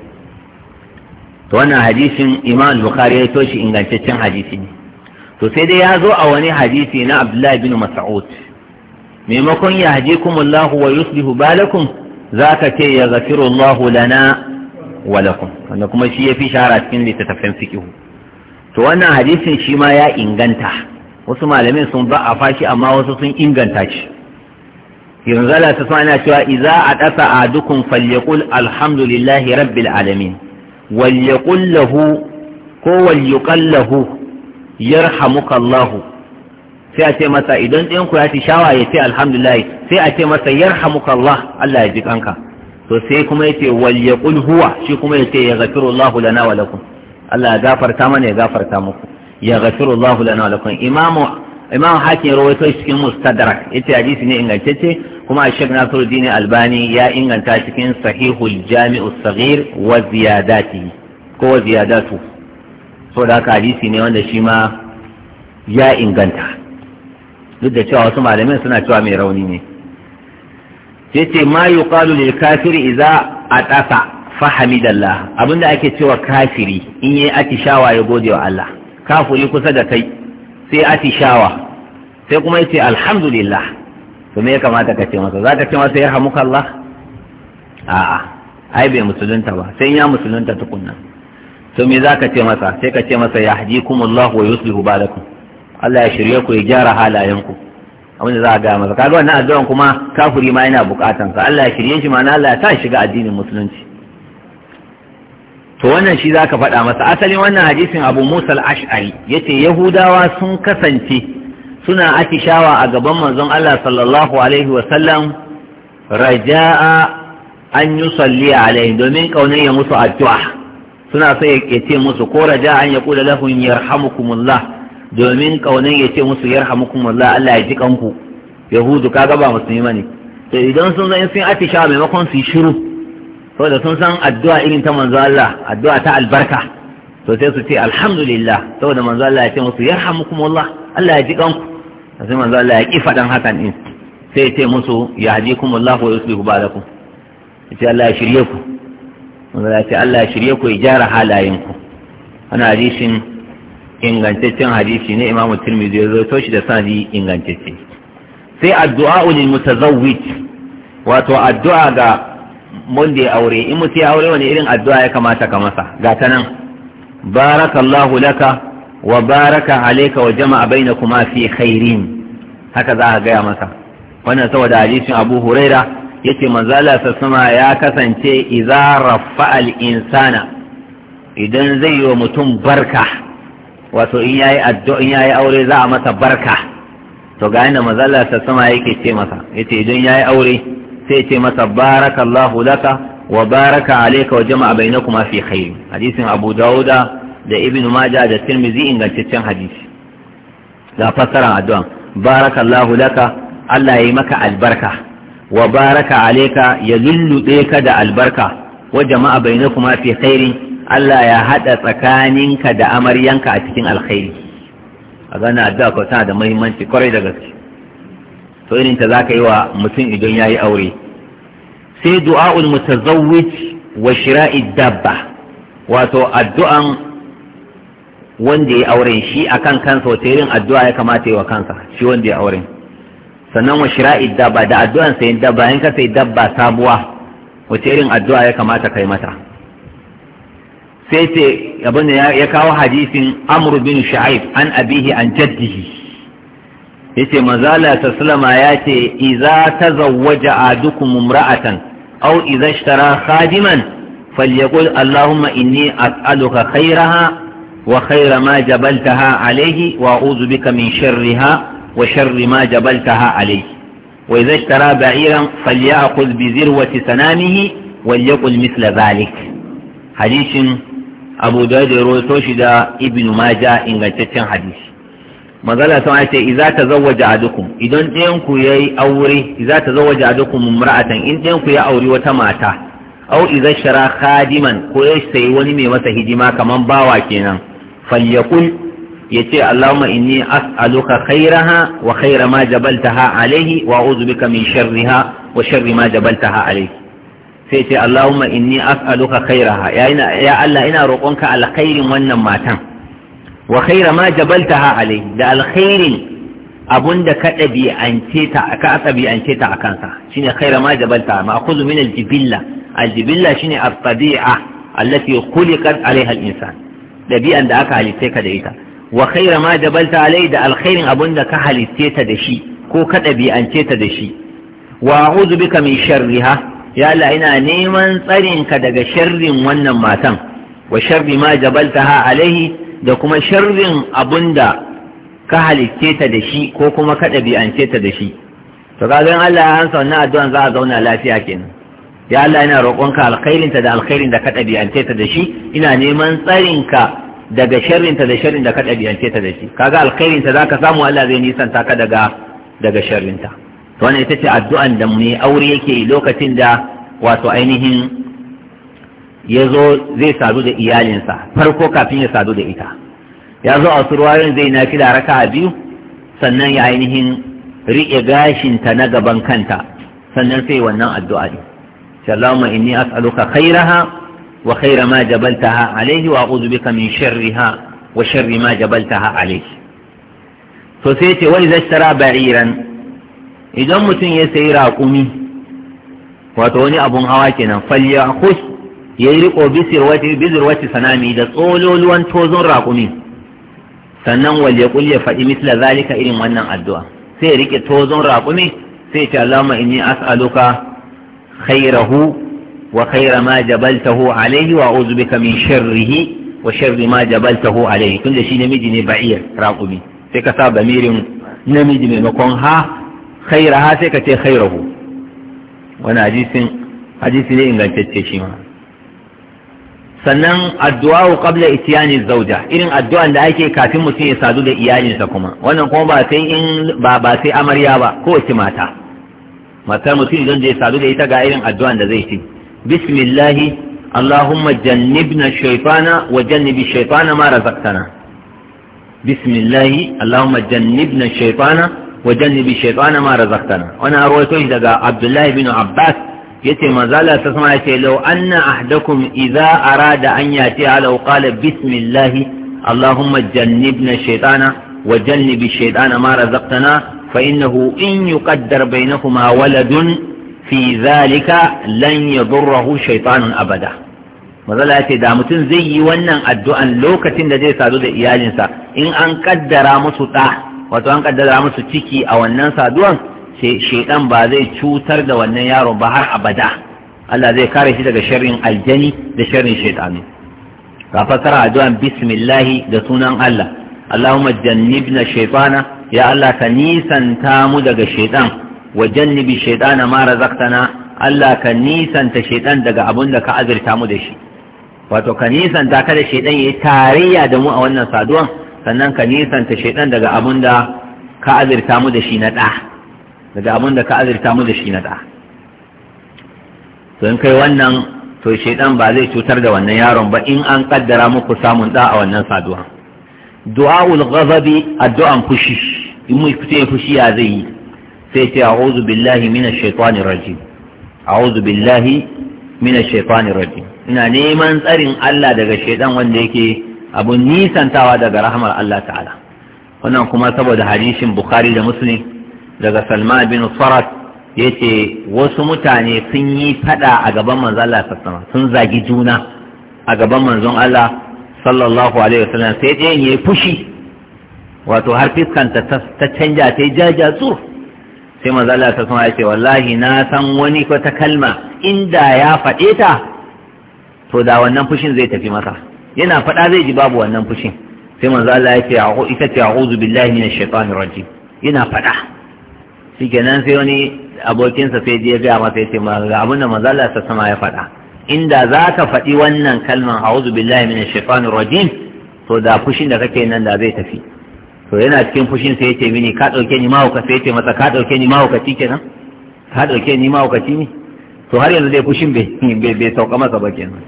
to wannan hadisin Imam Bukhari ya toshi ingantaccen hadisi ne to sai dai ya zo a wani hadisi na Abdullahi bin Mas'ud maimakon ya haje kumullahu wa yuslihu balakum za ka ce ya gafiru Allahu lana wa wanda kuma shi ya fi shara cikin littattafan fikihu to wannan hadisin shi ma ya inganta wasu malamin sun ba a fashi amma wasu sun inganta shi yanzu Allah ta sana cewa idza a adukum falyaqul alhamdulillahi rabbil alamin walyaqul lahu ko walyuqal lahu yarhamuka Allahu sai a ce masa idan ɗayan ku ya ci shawa ya ce alhamdulillah sai a ce masa yarhamukallah Allah Allah ya ji kanka to sai kuma yace wal yaqul huwa shi kuma yace ya Allah lana wa lakum Allah ya gafarta mana ya gafarta muku ya ghafirullahu lana wa lakum imamu imamu hakim ya rawaito shi cikin mustadrak yace hadisi ne ingantacce kuma Sheikh Nasiruddin Albani ya inganta cikin sahihul jami'u saghir wa ziyadati ko wa ziyadatu saboda haka hadisi ne wanda shi ma ya inganta duk da cewa wasu malamin suna cewa mai rauni ne sai ce ma yuqalu lil kafiri idza atafa fahamidallah abinda ake cewa kafiri in yi atishawa ya gode wa Allah kafiri kusa da kai sai atishawa sai kuma yace alhamdulillah to me ya kamata ka ce masa zaka ce masa ya hamuka Allah a'a ai bai musulunta ba sai ya musulunta tukunna to me za ka ce masa sai ka ce masa ya yahdikumullahu wa yuslihu balakum Allah ya shirye ku ya gyara halayenku abin da za a gaya masa kaga wannan addu'an kuma kafuri ma yana bukatan sa Allah ya shirye shi ma'ana Allah ya ta shiga addinin musulunci to wannan shi zaka faɗa masa asalin wannan hadisin Abu Musa al-Ash'ari yace Yahudawa sun kasance suna atishawa a gaban manzon Allah sallallahu alaihi wa sallam raja'a an yi salli alaihi domin kaunin ya musu addu'a suna so ya ce musu ko raja'a an ya kula lahun yarhamukumullah domin kaunin ya ce musu yarhamukum wallah Allah ya ji kanku yahudu kaga ba musulmi mani? to idan sun san sun atisha maimakon su yi shiru saboda sun san addu'a irin ta manzo Allah addu'a ta albarka to sai su ce alhamdulillah saboda manzo Allah ya ce musu yarhamukum wallah Allah ya ji kanku sai manzo Allah ya ki fadan hakan din sai ya ce musu ya yahdikum wallah wa yuslihu balakum ce Allah ya shirye ku manzo Allah ya ce Allah ya shirye ku ya gyara halayenku ana hadisin ingantaccen hadisi ne imamu tirmidhi ya zo shi da sanadi ingantacce sai addu'a lil mutazawwij wato addu'a ga wanda ya aure in mu ya aure wani irin addu'a ya kamata ka masa ga ta nan barakallahu laka wa baraka alayka wa jama'a bainakuma fi khairin haka za a gaya masa wannan saboda hadisin abu huraira yace manzo Allah sassama ya kasance idza rafa al insana idan zai yi wa mutum barka wato in yayi addu'a in yayi aure za a masa barka to ga inda mazalla ta sama yake ce masa yace idan yayi aure sai ya ce masa barakallahu laka wa baraka alayka wa jama'a bainakuma fi khair hadisin Abu da Ibn Majah da Tirmidhi ingantaccen hadisi ga fassara addu'a barakallahu laka Allah yayi maka albarka wa baraka alayka ya lulluɗe ka da albarka wa jama'a bainakuma fi khairin Allah ya haɗa tsakaninka da amaryanka a cikin alkhairi a gana addu'a ko tana da muhimmanci kwarai da gaske to irin ta zaka yi wa mutum idan yayi aure sai du'a'ul mutazawwij wa shira'i dabba wato addu'an wanda ya aure shi akan kansa wata irin addu'a ya kamata yi wa kansa shi wanda ya aure. sannan wa shira'i dabba da addu'an sai dabba in ka sai dabba sabuwa wata irin addu'a ya kamata kai mata sai ce abinda ya kawo hadisin amru bin sha'ib an abihi an jaddihi ya ce mazala ta sulama ya ce iza ta zawaja a adukum mumra'atan au iza ishtara khadiman falyakul allahumma inni as'aluka khayraha wa khaira ma jabaltaha alaihi wa a'udhu bika min sharriha wa sharri ma jabaltaha alaihi wa iza ishtara ba'iran falyakul bi zirwati sanamihi وليقل misla zalik حديث abu da ya rawaito shi da ibn maja ingantaccen hadisi magana sun ce idza a ahadukum idan ɗayan ku yayi aure idza tazawwaja in ɗayan ku ya auri wata mata au idza shara khadiman ko ya sayi wani mai masa hidima kaman bawa kenan falyakul yace allahumma inni as'aluka khairaha wa khaira ma jabaltaha alayhi wa a'udhu bika min sharriha wa sharri ma jabaltaha alayhi sai ce Allahumma inni as'aluka khairaha ya Allah ina roƙonka alkhairin wannan matan wa khaira ma jabaltaha alai da alkhairin abunda ka ɗabi'ance ta ka ɗabi'ance ta akan sa shine khaira ma jabalta ma'khudhu min aljibilla aljibilla shine at-tabi'a allati khuliqat alaiha al-insan Dabi'an da aka halitte ka da ita wa khaira ma jabalta alai da alkhairin abunda ka halitte ta da shi ko ka ɗabi'ance ta da shi wa a'udhu bika min sharriha ya Allah ina neman tsarinka daga sharrin wannan matan wa sharri ma ha alaihi da kuma sharrin abunda ka halitte ta da shi ko kuma ka ɗabi'ance ta da shi to kaga Allah ya hansa wannan addu'an za a zauna lafiya kenan ya Allah ina roƙonka alkhairinta da alkhairin da ka ɗabi'ance ta da shi ina neman tsarinka daga sharrinta da sharrin da ka ɗabi'ance ta da shi kaga alkhairinta za ka samu Allah zai nisanta ka daga daga sharrinta Wani ita ce addu'an da mai aure yake lokacin da wato ainihin ya zo zai sadu da iyalinsa farko kafin ya sadu da ita ya zo a surwayon zai na fi raka a biyu sannan ya ainihin riƙe gashinta na gaban kanta sannan sai wannan addu'a ne sallama inni as'aluka khairaha wa khaira ma jabaltaha alaihi wa a'udhu bika min sharriha wa sharri ma jabaltaha alaihi to sai ce wa idza ishtara ba'iran idan mutum ya sayi raƙumi wato wani abun hawa kenan falya khus ya yi riko bizirwati sanami da tsololuwan tozon raƙumi sannan walya kulle faɗi misla zalika irin wannan addu'a sai ya rike tozon raƙumi sai ce Allahumma inni as'aluka khairahu wa khaira ma jabaltahu alaihi wa a'udhu bika min sharrihi wa sharri ma jabaltahu alaihi tunda shi namiji ne ba'ir raƙumi sai ka sa damirin namiji maimakon ha khairaha sai ka ce khairahu wani hadisin hadisi ne ingantacce shi ma sannan addu'a qabla itiyani zauja irin addu'an da ake kafin mutum ya sadu da iyalinsa kuma wannan kuma ba sai in ba ba sai amarya ba ko ce mata mata mutum idan zai sadu da ita ga irin addu'an da zai ci bismillahi allahumma jannibna shaytana wa jannibi shaytana ma razaqtana bismillahi allahumma jannibna shaytana wajen nibi shaitana ma razaqtana wani rawaito shi daga abdullahi bin abbas yace manzo Allah ta sama yace law anna ahdakum idza arada an yati ala qala bismillah allahumma jannibna shaitana wajannibi shaitana ma razaqtana fa innahu in yuqaddar bainahuma waladun fi dhalika lan yadurruhu shaitanun abada mazala ce da mutum zai yi wannan addu’an lokacin da zai sadu da iyalinsa in an kaddara musu ɗa wato an kaddara musu ciki a wannan saduwan sai shaidan ba zai cutar da wannan yaron ba har abada Allah zai kare shi daga sharrin aljani da sharrin shaidanu ga fasara addu'an bismillahi da sunan Allah Allahumma jannibna shaytana ya Allah ka nisanta mu daga shaidan wa jannibi shaiɗana ma razaqtana Allah ka nisanta shaidan daga abun da ka azurta mu da shi wato ka nisanta kada shaidan yayi tarayya da mu a wannan saduwan sannan ka nisanta shaidan daga abun da ka azirta mu da shi na ɗa daga abun da ka azirta mu da shi na ɗa to in kai wannan to shaidan ba zai cutar da wannan yaron ba in an kaddara muku samun ɗa a wannan saduwa du'a'ul ghadabi addu'an fushi in mu fito fushi ya zai yi sai ce a'udhu billahi minash shaitanir rajim a'udhu billahi minash shaitanir rajim ina neman tsarin Allah daga shaidan wanda yake abu nisantawa daga rahmar Allah ta'ala wannan kuma saboda hadisin bukhari da Musulmi daga salma bin faras ya ce wasu mutane sun yi fada a gaban manzon Allah sassama sun zagi juna a gaban manzon Allah sallallahu alaihi wasallam sai ɗayan ya yi fushi wato har fiskanta ta canja ta yi jaja tsur sai manzon Allah sassama ya ce wallahi na san wani ta kalma inda ya faɗe ta to da wannan fushin zai tafi masa yana faɗa zai ji babu wannan fushin sai manzo Allah ya ce ita ce a'udhu billahi minash shaitanir rajim yana faɗa kenan sai wani abokinsa sai ya ga masa ya ma ga abin da manzo Allah ta sama ya faɗa inda za ka faɗi wannan kalman a'udhu billahi minash shaitanir rajim to da fushin da kake nan da zai tafi to yana cikin fushin sai yace mini ka ɗauke ni mahaukaci sai yace masa ka ɗauke ni mahaukaci kenan ka ɗauke ni mahaukaci ne to har yanzu dai fushin bai sauka masa ba kenan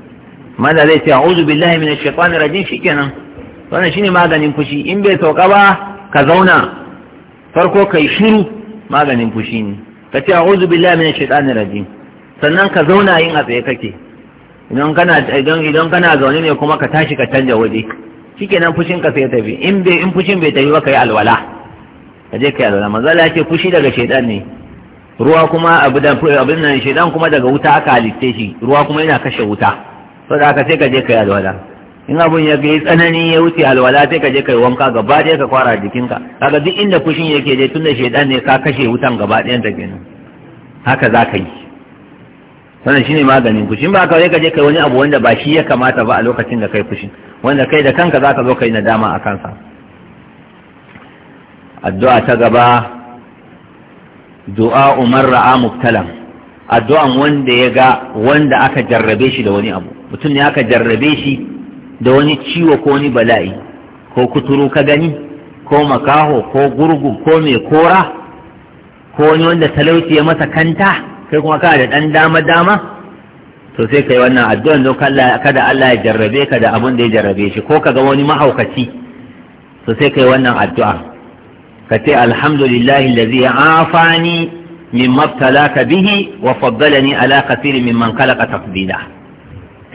mana zai ce a'udhu billahi minash shaitanir rajim shikenan wannan shine maganin kushi in bai sauka ba ka zauna farko kai shiru maganin kushi ne ka ce a'udhu billahi minash shaitanir rajim sannan ka zauna yin a tsaye kake idan kana idan idan kana zaune ne kuma ka tashi ka canja waje shikenan fushin ka sai tafi in bai in fushin bai tafi ba kai alwala ka je kai alwala manzo Allah ya ce fushi daga shaitan ne ruwa kuma abu da abin nan shaitan kuma daga wuta aka halitte shi ruwa kuma yana kashe wuta so da aka sai ka je kai alwala in abun ya ga tsanani ya wuce alwala sai ka je kai wanka gaba ɗaya ka kwara jikinka kaga duk inda fushin yake je tunda shedan ne ka kashe wutan gaba ɗayan ta kenan haka za ka yi wannan shine maganin fushin ba ka ka je kai wani abu wanda ba shi ya kamata ba a lokacin da kai fushin wanda kai da kanka za ka zo kai nadama a kansa addu'a ta gaba du'a umar ra'a mubtalan addu'an wanda ya ga wanda aka jarrabe shi da wani abu mutum ne aka jarrabe shi da wani ciwo ko wani bala'i ko kuturu ka gani ko makaho ko gurgu ko mai kora ko wani wanda talauci ya masa kanta kai kuma ka da ɗan dama dama to sai kai wannan addu'an don kada Allah ya jarrabe ka da abin da ya jarrabe shi ko kaga wani mahaukaci to sai kai wannan addu'a ka ce alhamdulillahi allazi afani min ka bihi wa faddalani ala min mimman khalaqa tafdila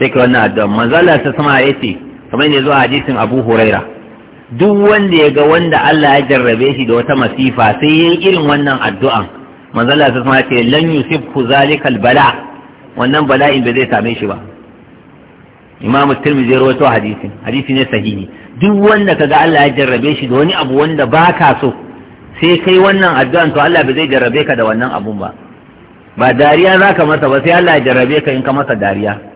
sai kai wannan addu'a manzala ta sama ya ce kamar ne zuwa hadisin abu huraira duk wanda ya ga wanda Allah ya jarrabe shi da wata masifa sai yin irin wannan addu'an manzala ta sama ya ce lan yusibku zalikal bala wannan bala'in ba zai same shi ba imamu tirmidhi rawaito hadisin hadisi ne sahihi duk wanda kaga Allah ya jarrabe shi da wani abu wanda baka so sai kai wannan addu'an to Allah ba zai jarrabe ka da wannan abun ba ba dariya zaka masa ba sai Allah ya jarrabe ka in ka masa dariya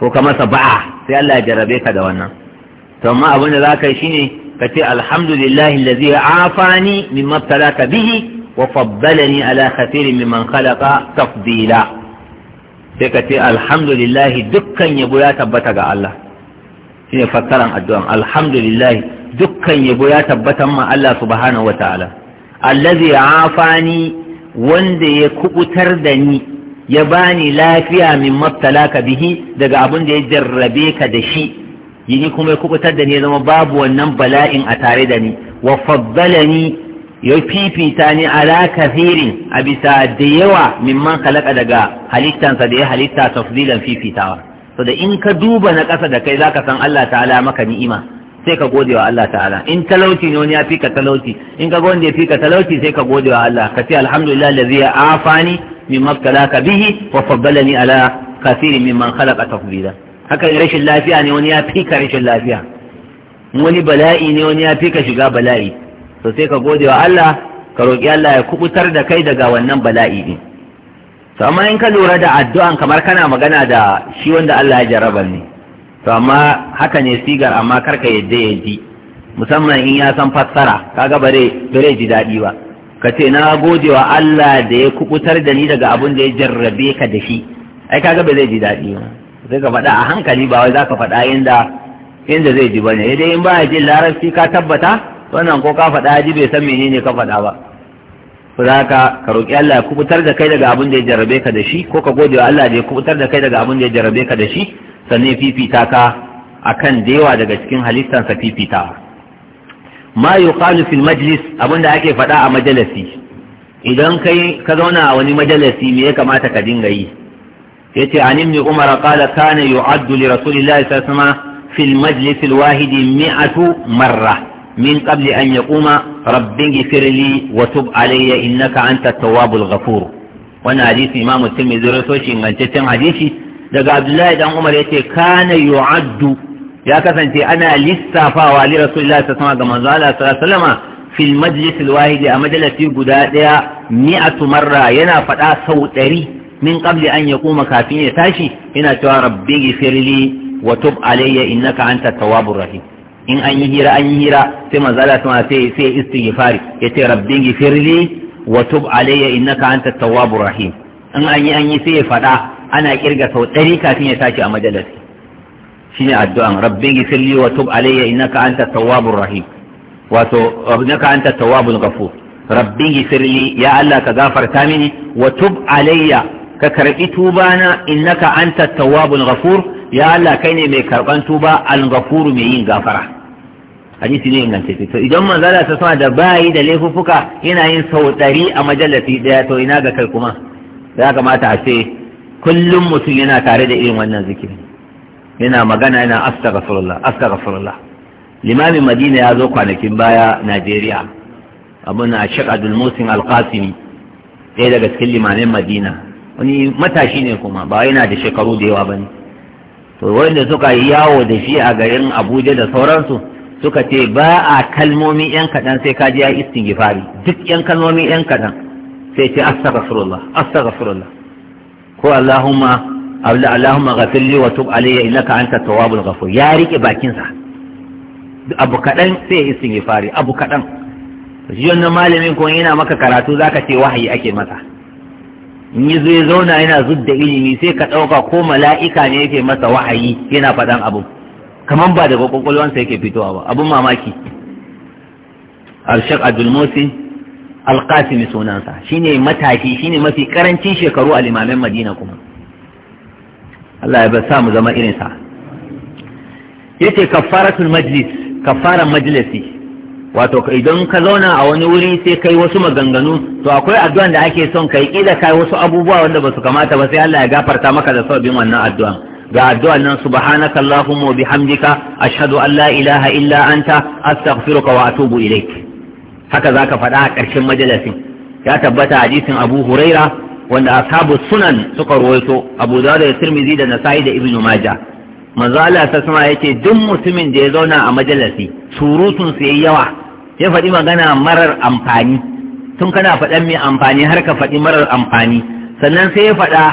ko ka masa ba'a sai Allah ya jarabe ka da wannan to amma abin da zaka yi shine ka ce alhamdulillahi allazi afani mimma talaka bihi wa faddalani ala kathirin mimman khalaqa tafdila sai ka ce alhamdulillahi dukkan yabo ya tabbata ga Allah shine fassaran addu'an alhamdulillahi dukkan yabo ya tabbatan ma Allah subhanahu wataala allazi afani wanda ya kubutar da ni ya bani lafiya min mabtalaka bihi daga abin da ya jarrabe ka da shi yini kuma ya kubutar da ni ya zama babu wannan bala'in a tare da ni wa ni ya fifita ni ala kathirin a bisa da yawa mimman khalaqa daga halittansa da ya halitta tafdilan fifitawa to da in ka duba na ƙasa da kai zaka san Allah ta'ala maka ni'ima sai ka gode wa Allah ta'ala in talauci ne wani ya fika talauci in ka ga wanda ya fika talauci sai ka gode wa Allah ka ce alhamdulillah allazi ya afani mimma ka bihi wa faddalani ala kathirin mimman khalaqa tafdila haka rashin lafiya ne wani ya fika rashin lafiya wani bala'i ne wani ya fika shiga bala'i to sai ka gode wa Allah ka roƙi Allah ya kubutar da kai daga wannan bala'i din to amma in ka lura da addu'an kamar kana magana da shi wanda Allah ya jaraba ne to amma haka ne sigar amma karka yadda ya ji musamman in yasan fassara kaga bare bare ji daɗi ba ka ce na gode wa Allah da ya kubutar da ni daga abin da ya jarrabe ka da shi ai kaga ba zai ji daɗi ba sai ka faɗa a hankali ba wai za ka faɗa inda inda zai ji ba bane dai in ba ya jin larabci ka tabbata wannan ko ka faɗa ji bai san menene ka faɗa ba ko za ka ka roƙi Allah ya kubutar da kai daga abin da ya jarrabe ka da shi ko ka gode wa Allah da ya kubutar da kai daga abin da ya jarrabe ka da shi sannan fifita ka akan da yawa daga cikin halittansa fifitawa ma yuqalu fil majlis abinda ake faɗa a majalisi idan kai ka zauna a wani majalisi me ya kamata ka dinga yi yace an ibn umar qala kana yu'addu li rasulillahi sallallahu alaihi wasallam fil majlis al wahid mi'atu marra min qabli an yaquma rabbi firli wa tub alayya innaka an tawwabul ghafur wannan hadisi imam muslim ya rawaito shi ingantaccen hadisi daga abdullahi dan umar yace kana yu'addu ya kasance ana lissafawa li rasulullahi sallallahu alaihi ga manzo Allah sallallahu alaihi wasallam fil majlis al wahid a majalisi guda daya mi'atu marra yana fada sau 100 min qabli an yakuma kafin ya tashi ina cewa rabbi ghfirli wa tub alayya innaka antat tawwabur rahim in an yi hira an yi hira sai manzo Allah sallallahu alaihi wasallam sai istighfari yace rabbi ghfirli wa tub alayya innaka antat tawwabur rahim in an yi an yi sai ya fada ana kirga sau 100 kafin ya tashi a majalisi shine addu'an rabbin gifirli wa tub alayya innaka anta tawwabur rahim wato innaka anta tawwabul ghafur rabbin gifirli ya Allah ka gafarta mini wa tub alayya ka karbi tubana innaka anta tawwabul ghafur ya Allah kai ne mai karban tuba al-ghafur mai yin gafara hadisi ne ingantacce to idan manzala ta sama da bayi da laifuffuka yana yin sau ɗari a majalasi ɗaya to ina ga kai kuma ya kamata a ce kullum mutum yana tare da irin wannan zikirin yana magana yana astaghfirullah astaghfirullah limamin madina ya zo kwanakin baya najeriya abun na shek abdul musin alqasimi ɗaya daga cikin limamin madina wani matashi ne kuma ba yana da shekaru da yawa bane to wanda suka yi yawo da shi a garin abuja da sauransu suka ce ba a kalmomi yan kaɗan sai ka ji ya istighfari duk yan kalmomi yan kaɗan sai ce astaghfirullah astaghfirullah ko allahumma Allahumma ghafirli wa tub alayya innaka anta tawwabul ghafur ya rike bakin sa abu kadan sai istighfari abu kadan shi wannan malamin ko yana maka karatu zaka ce wahayi ake masa in yi zai zauna yana zudda ilimi sai ka dauka ko mala'ika ne yake masa wahayi yana faɗan abu kaman ba daga kwakwalwansa yake fitowa ba abun mamaki Arshak Abdul Musi Alkasimi sunansa shine matashi shine mafi karancin shekaru a limamin Madina kuma Allah ya sa mu zama irin sa yace kafaratul majlis kafaran majlisi wato idan ka zauna a wani wuri sai yi wasu maganganu to akwai addu'an da ake son kai kila kai wasu abubuwa wanda ba su kamata ba sai Allah ya gafarta maka da sabbin wannan addu'an ga addu'an nan subhanaka allahumma wa bihamdika hamdika ashadu Allah, ilaha illa anta astaghfiruka wa atubu ilaik haka zaka faɗa a ƙarshen majalisin ya tabbata hadisin Abu Huraira wanda ashabu sunan suka rawaito abu da da tirmizi da nasa'i da ibnu maja manzo Allah ta sama yace duk mutumin da ya zauna a majalisi surutun su yayi yawa ya faɗi magana marar amfani tun kana faɗan mai amfani har ka faɗi marar amfani sannan sai ya faɗa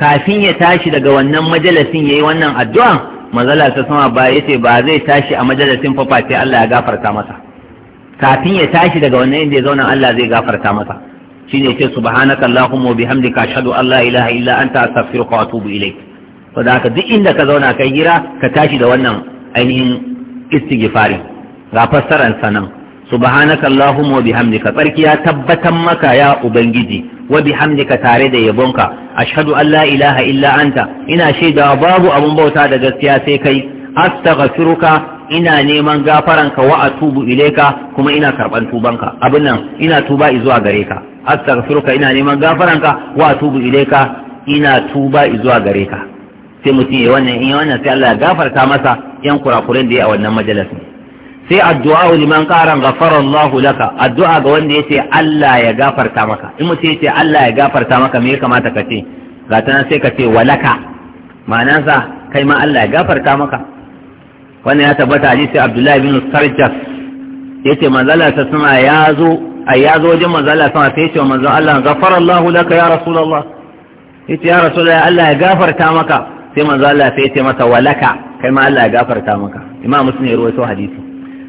kafin ya tashi daga wannan majalisin yayi wannan addu'a manzo ta sama ba yace ba zai tashi a majalisin fa face Allah ya gafarta masa kafin ya tashi daga wannan inda ya zauna Allah zai gafarta masa shine ce subhanaka allahumma bihamdika ashhadu an la ilaha illa anta astaghfiruka wa atubu ilaik to da haka duk inda ka zauna kai hira ka tashi da wannan ainihin istighfari ga fassaran sanan subhanaka allahumma bihamdika tsarki ya tabbatan maka ya ubangiji wa bihamdika tare da yabonka ashhadu an la ilaha illa anta ina shaidawa babu abun bauta da gaskiya sai kai astaghfiruka ina neman gafaranka wa atubu ilaika kuma ina karban tubanka abin nan ina tuba zuwa gare ka astaghfiruka ina neman gafaranka wa atubu ilaika ina tuba zuwa gare ka sai mutum ya wannan in wannan sai Allah ya gafarta masa yan kurakuren da ya a wannan majalisin sai addu'a liman qaran ghafara Allah laka addu'a ga wanda yace Allah ya gafarta maka in mutum yace Allah ya gafarta maka me ya kamata ka ce ga ta nan sai ka ce walaka ma'anansa kai ma Allah ya gafarta maka wannan ya tabbata hadisi Abdullahi bin Sarjas yace manzala ta suna ya zo ai ya zo wajen manzo Allah sama sai ya ce manzo Allah ghafara Allah laka ya rasulullah yace ya rasulullah Allah ya gafarta maka sai manzo Allah sai ya ce masa walaka kai ma Allah ya gafarta maka imam muslim ya rawaito hadisi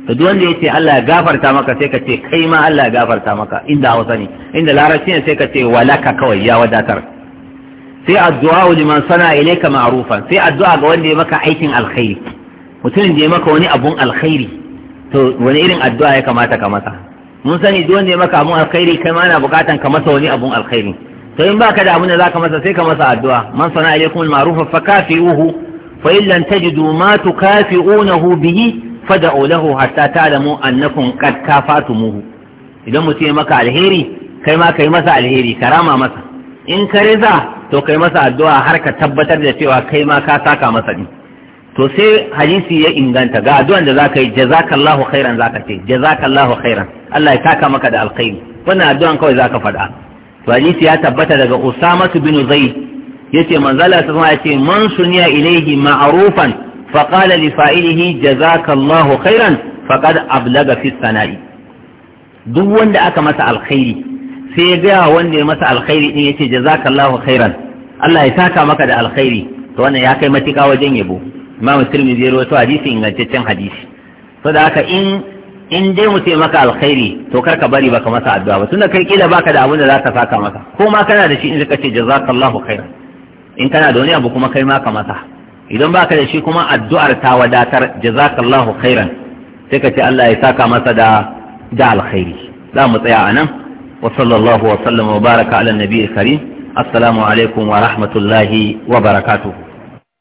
to duk wanda yace Allah ya gafarta maka sai ka ce kai ma Allah ya gafarta maka inda Hausa ne inda Larabci ne sai ka ce walaka kawai ya wadatar sai addu'a liman sana ilayka ma'rufan sai addu'a ga wanda ya maka aikin alkhairi mutumin da ya maka wani abun alkhairi to wani irin addu'a ya kamata ka masa mun sani duk wanda ya maka abun alkhairi kai ma na bukatan ka masa wani abun alkhairi to in baka da abun da zaka masa sai ka masa addu'a man sana alaikum al-ma'rufa fakafi'uhu fa in lam tajidu ma tukafi'unahu bihi fad'u lahu hatta ta'lamu annakum qad kafatumuhu idan mutum ya maka alheri kai ma kai masa alheri karama masa in ka riza to kai masa addu'a har ka tabbatar da cewa kai ma ka saka masa din to sai hadisi ya inganta ga addu'an da zaka yi jazakallahu khairan zaka ce jazakallahu khairan Allah ya taka maka da alkhairi wannan addu'an kawai zaka faɗa to hadisi ya tabbata daga Usama bin Zaid yace manzo Allah ya ce man suniya ilaihi ma'rufan fa qala li fa'ilihi jazakallahu khairan faqad ablaga fi sana'i duk wanda aka masa alkhairi sai ya gaya wanda ya masa alkhairi din yace jazakallahu khairan Allah ya saka maka da alkhairi to wannan ya kai matika wajen yabo imamu tirmidhi ya rawaito hadisi ingantaccen hadisi to da haka in in dai mu ce maka alkhairi to karka bari baka masa addu'a ba tunda kai kila baka da abin da zaka saka masa ko ma kana da shi in ka ce jazakallahu khairan in kana da wani abu kuma kai ma ka masa idan baka da shi kuma addu'ar ta wadatar jazakallahu khairan sai ka ce Allah ya saka masa da da alkhairi za mu tsaya anan wa sallallahu wa sallama wa baraka ala nabiyil karim assalamu alaikum wa rahmatullahi wa barakatuh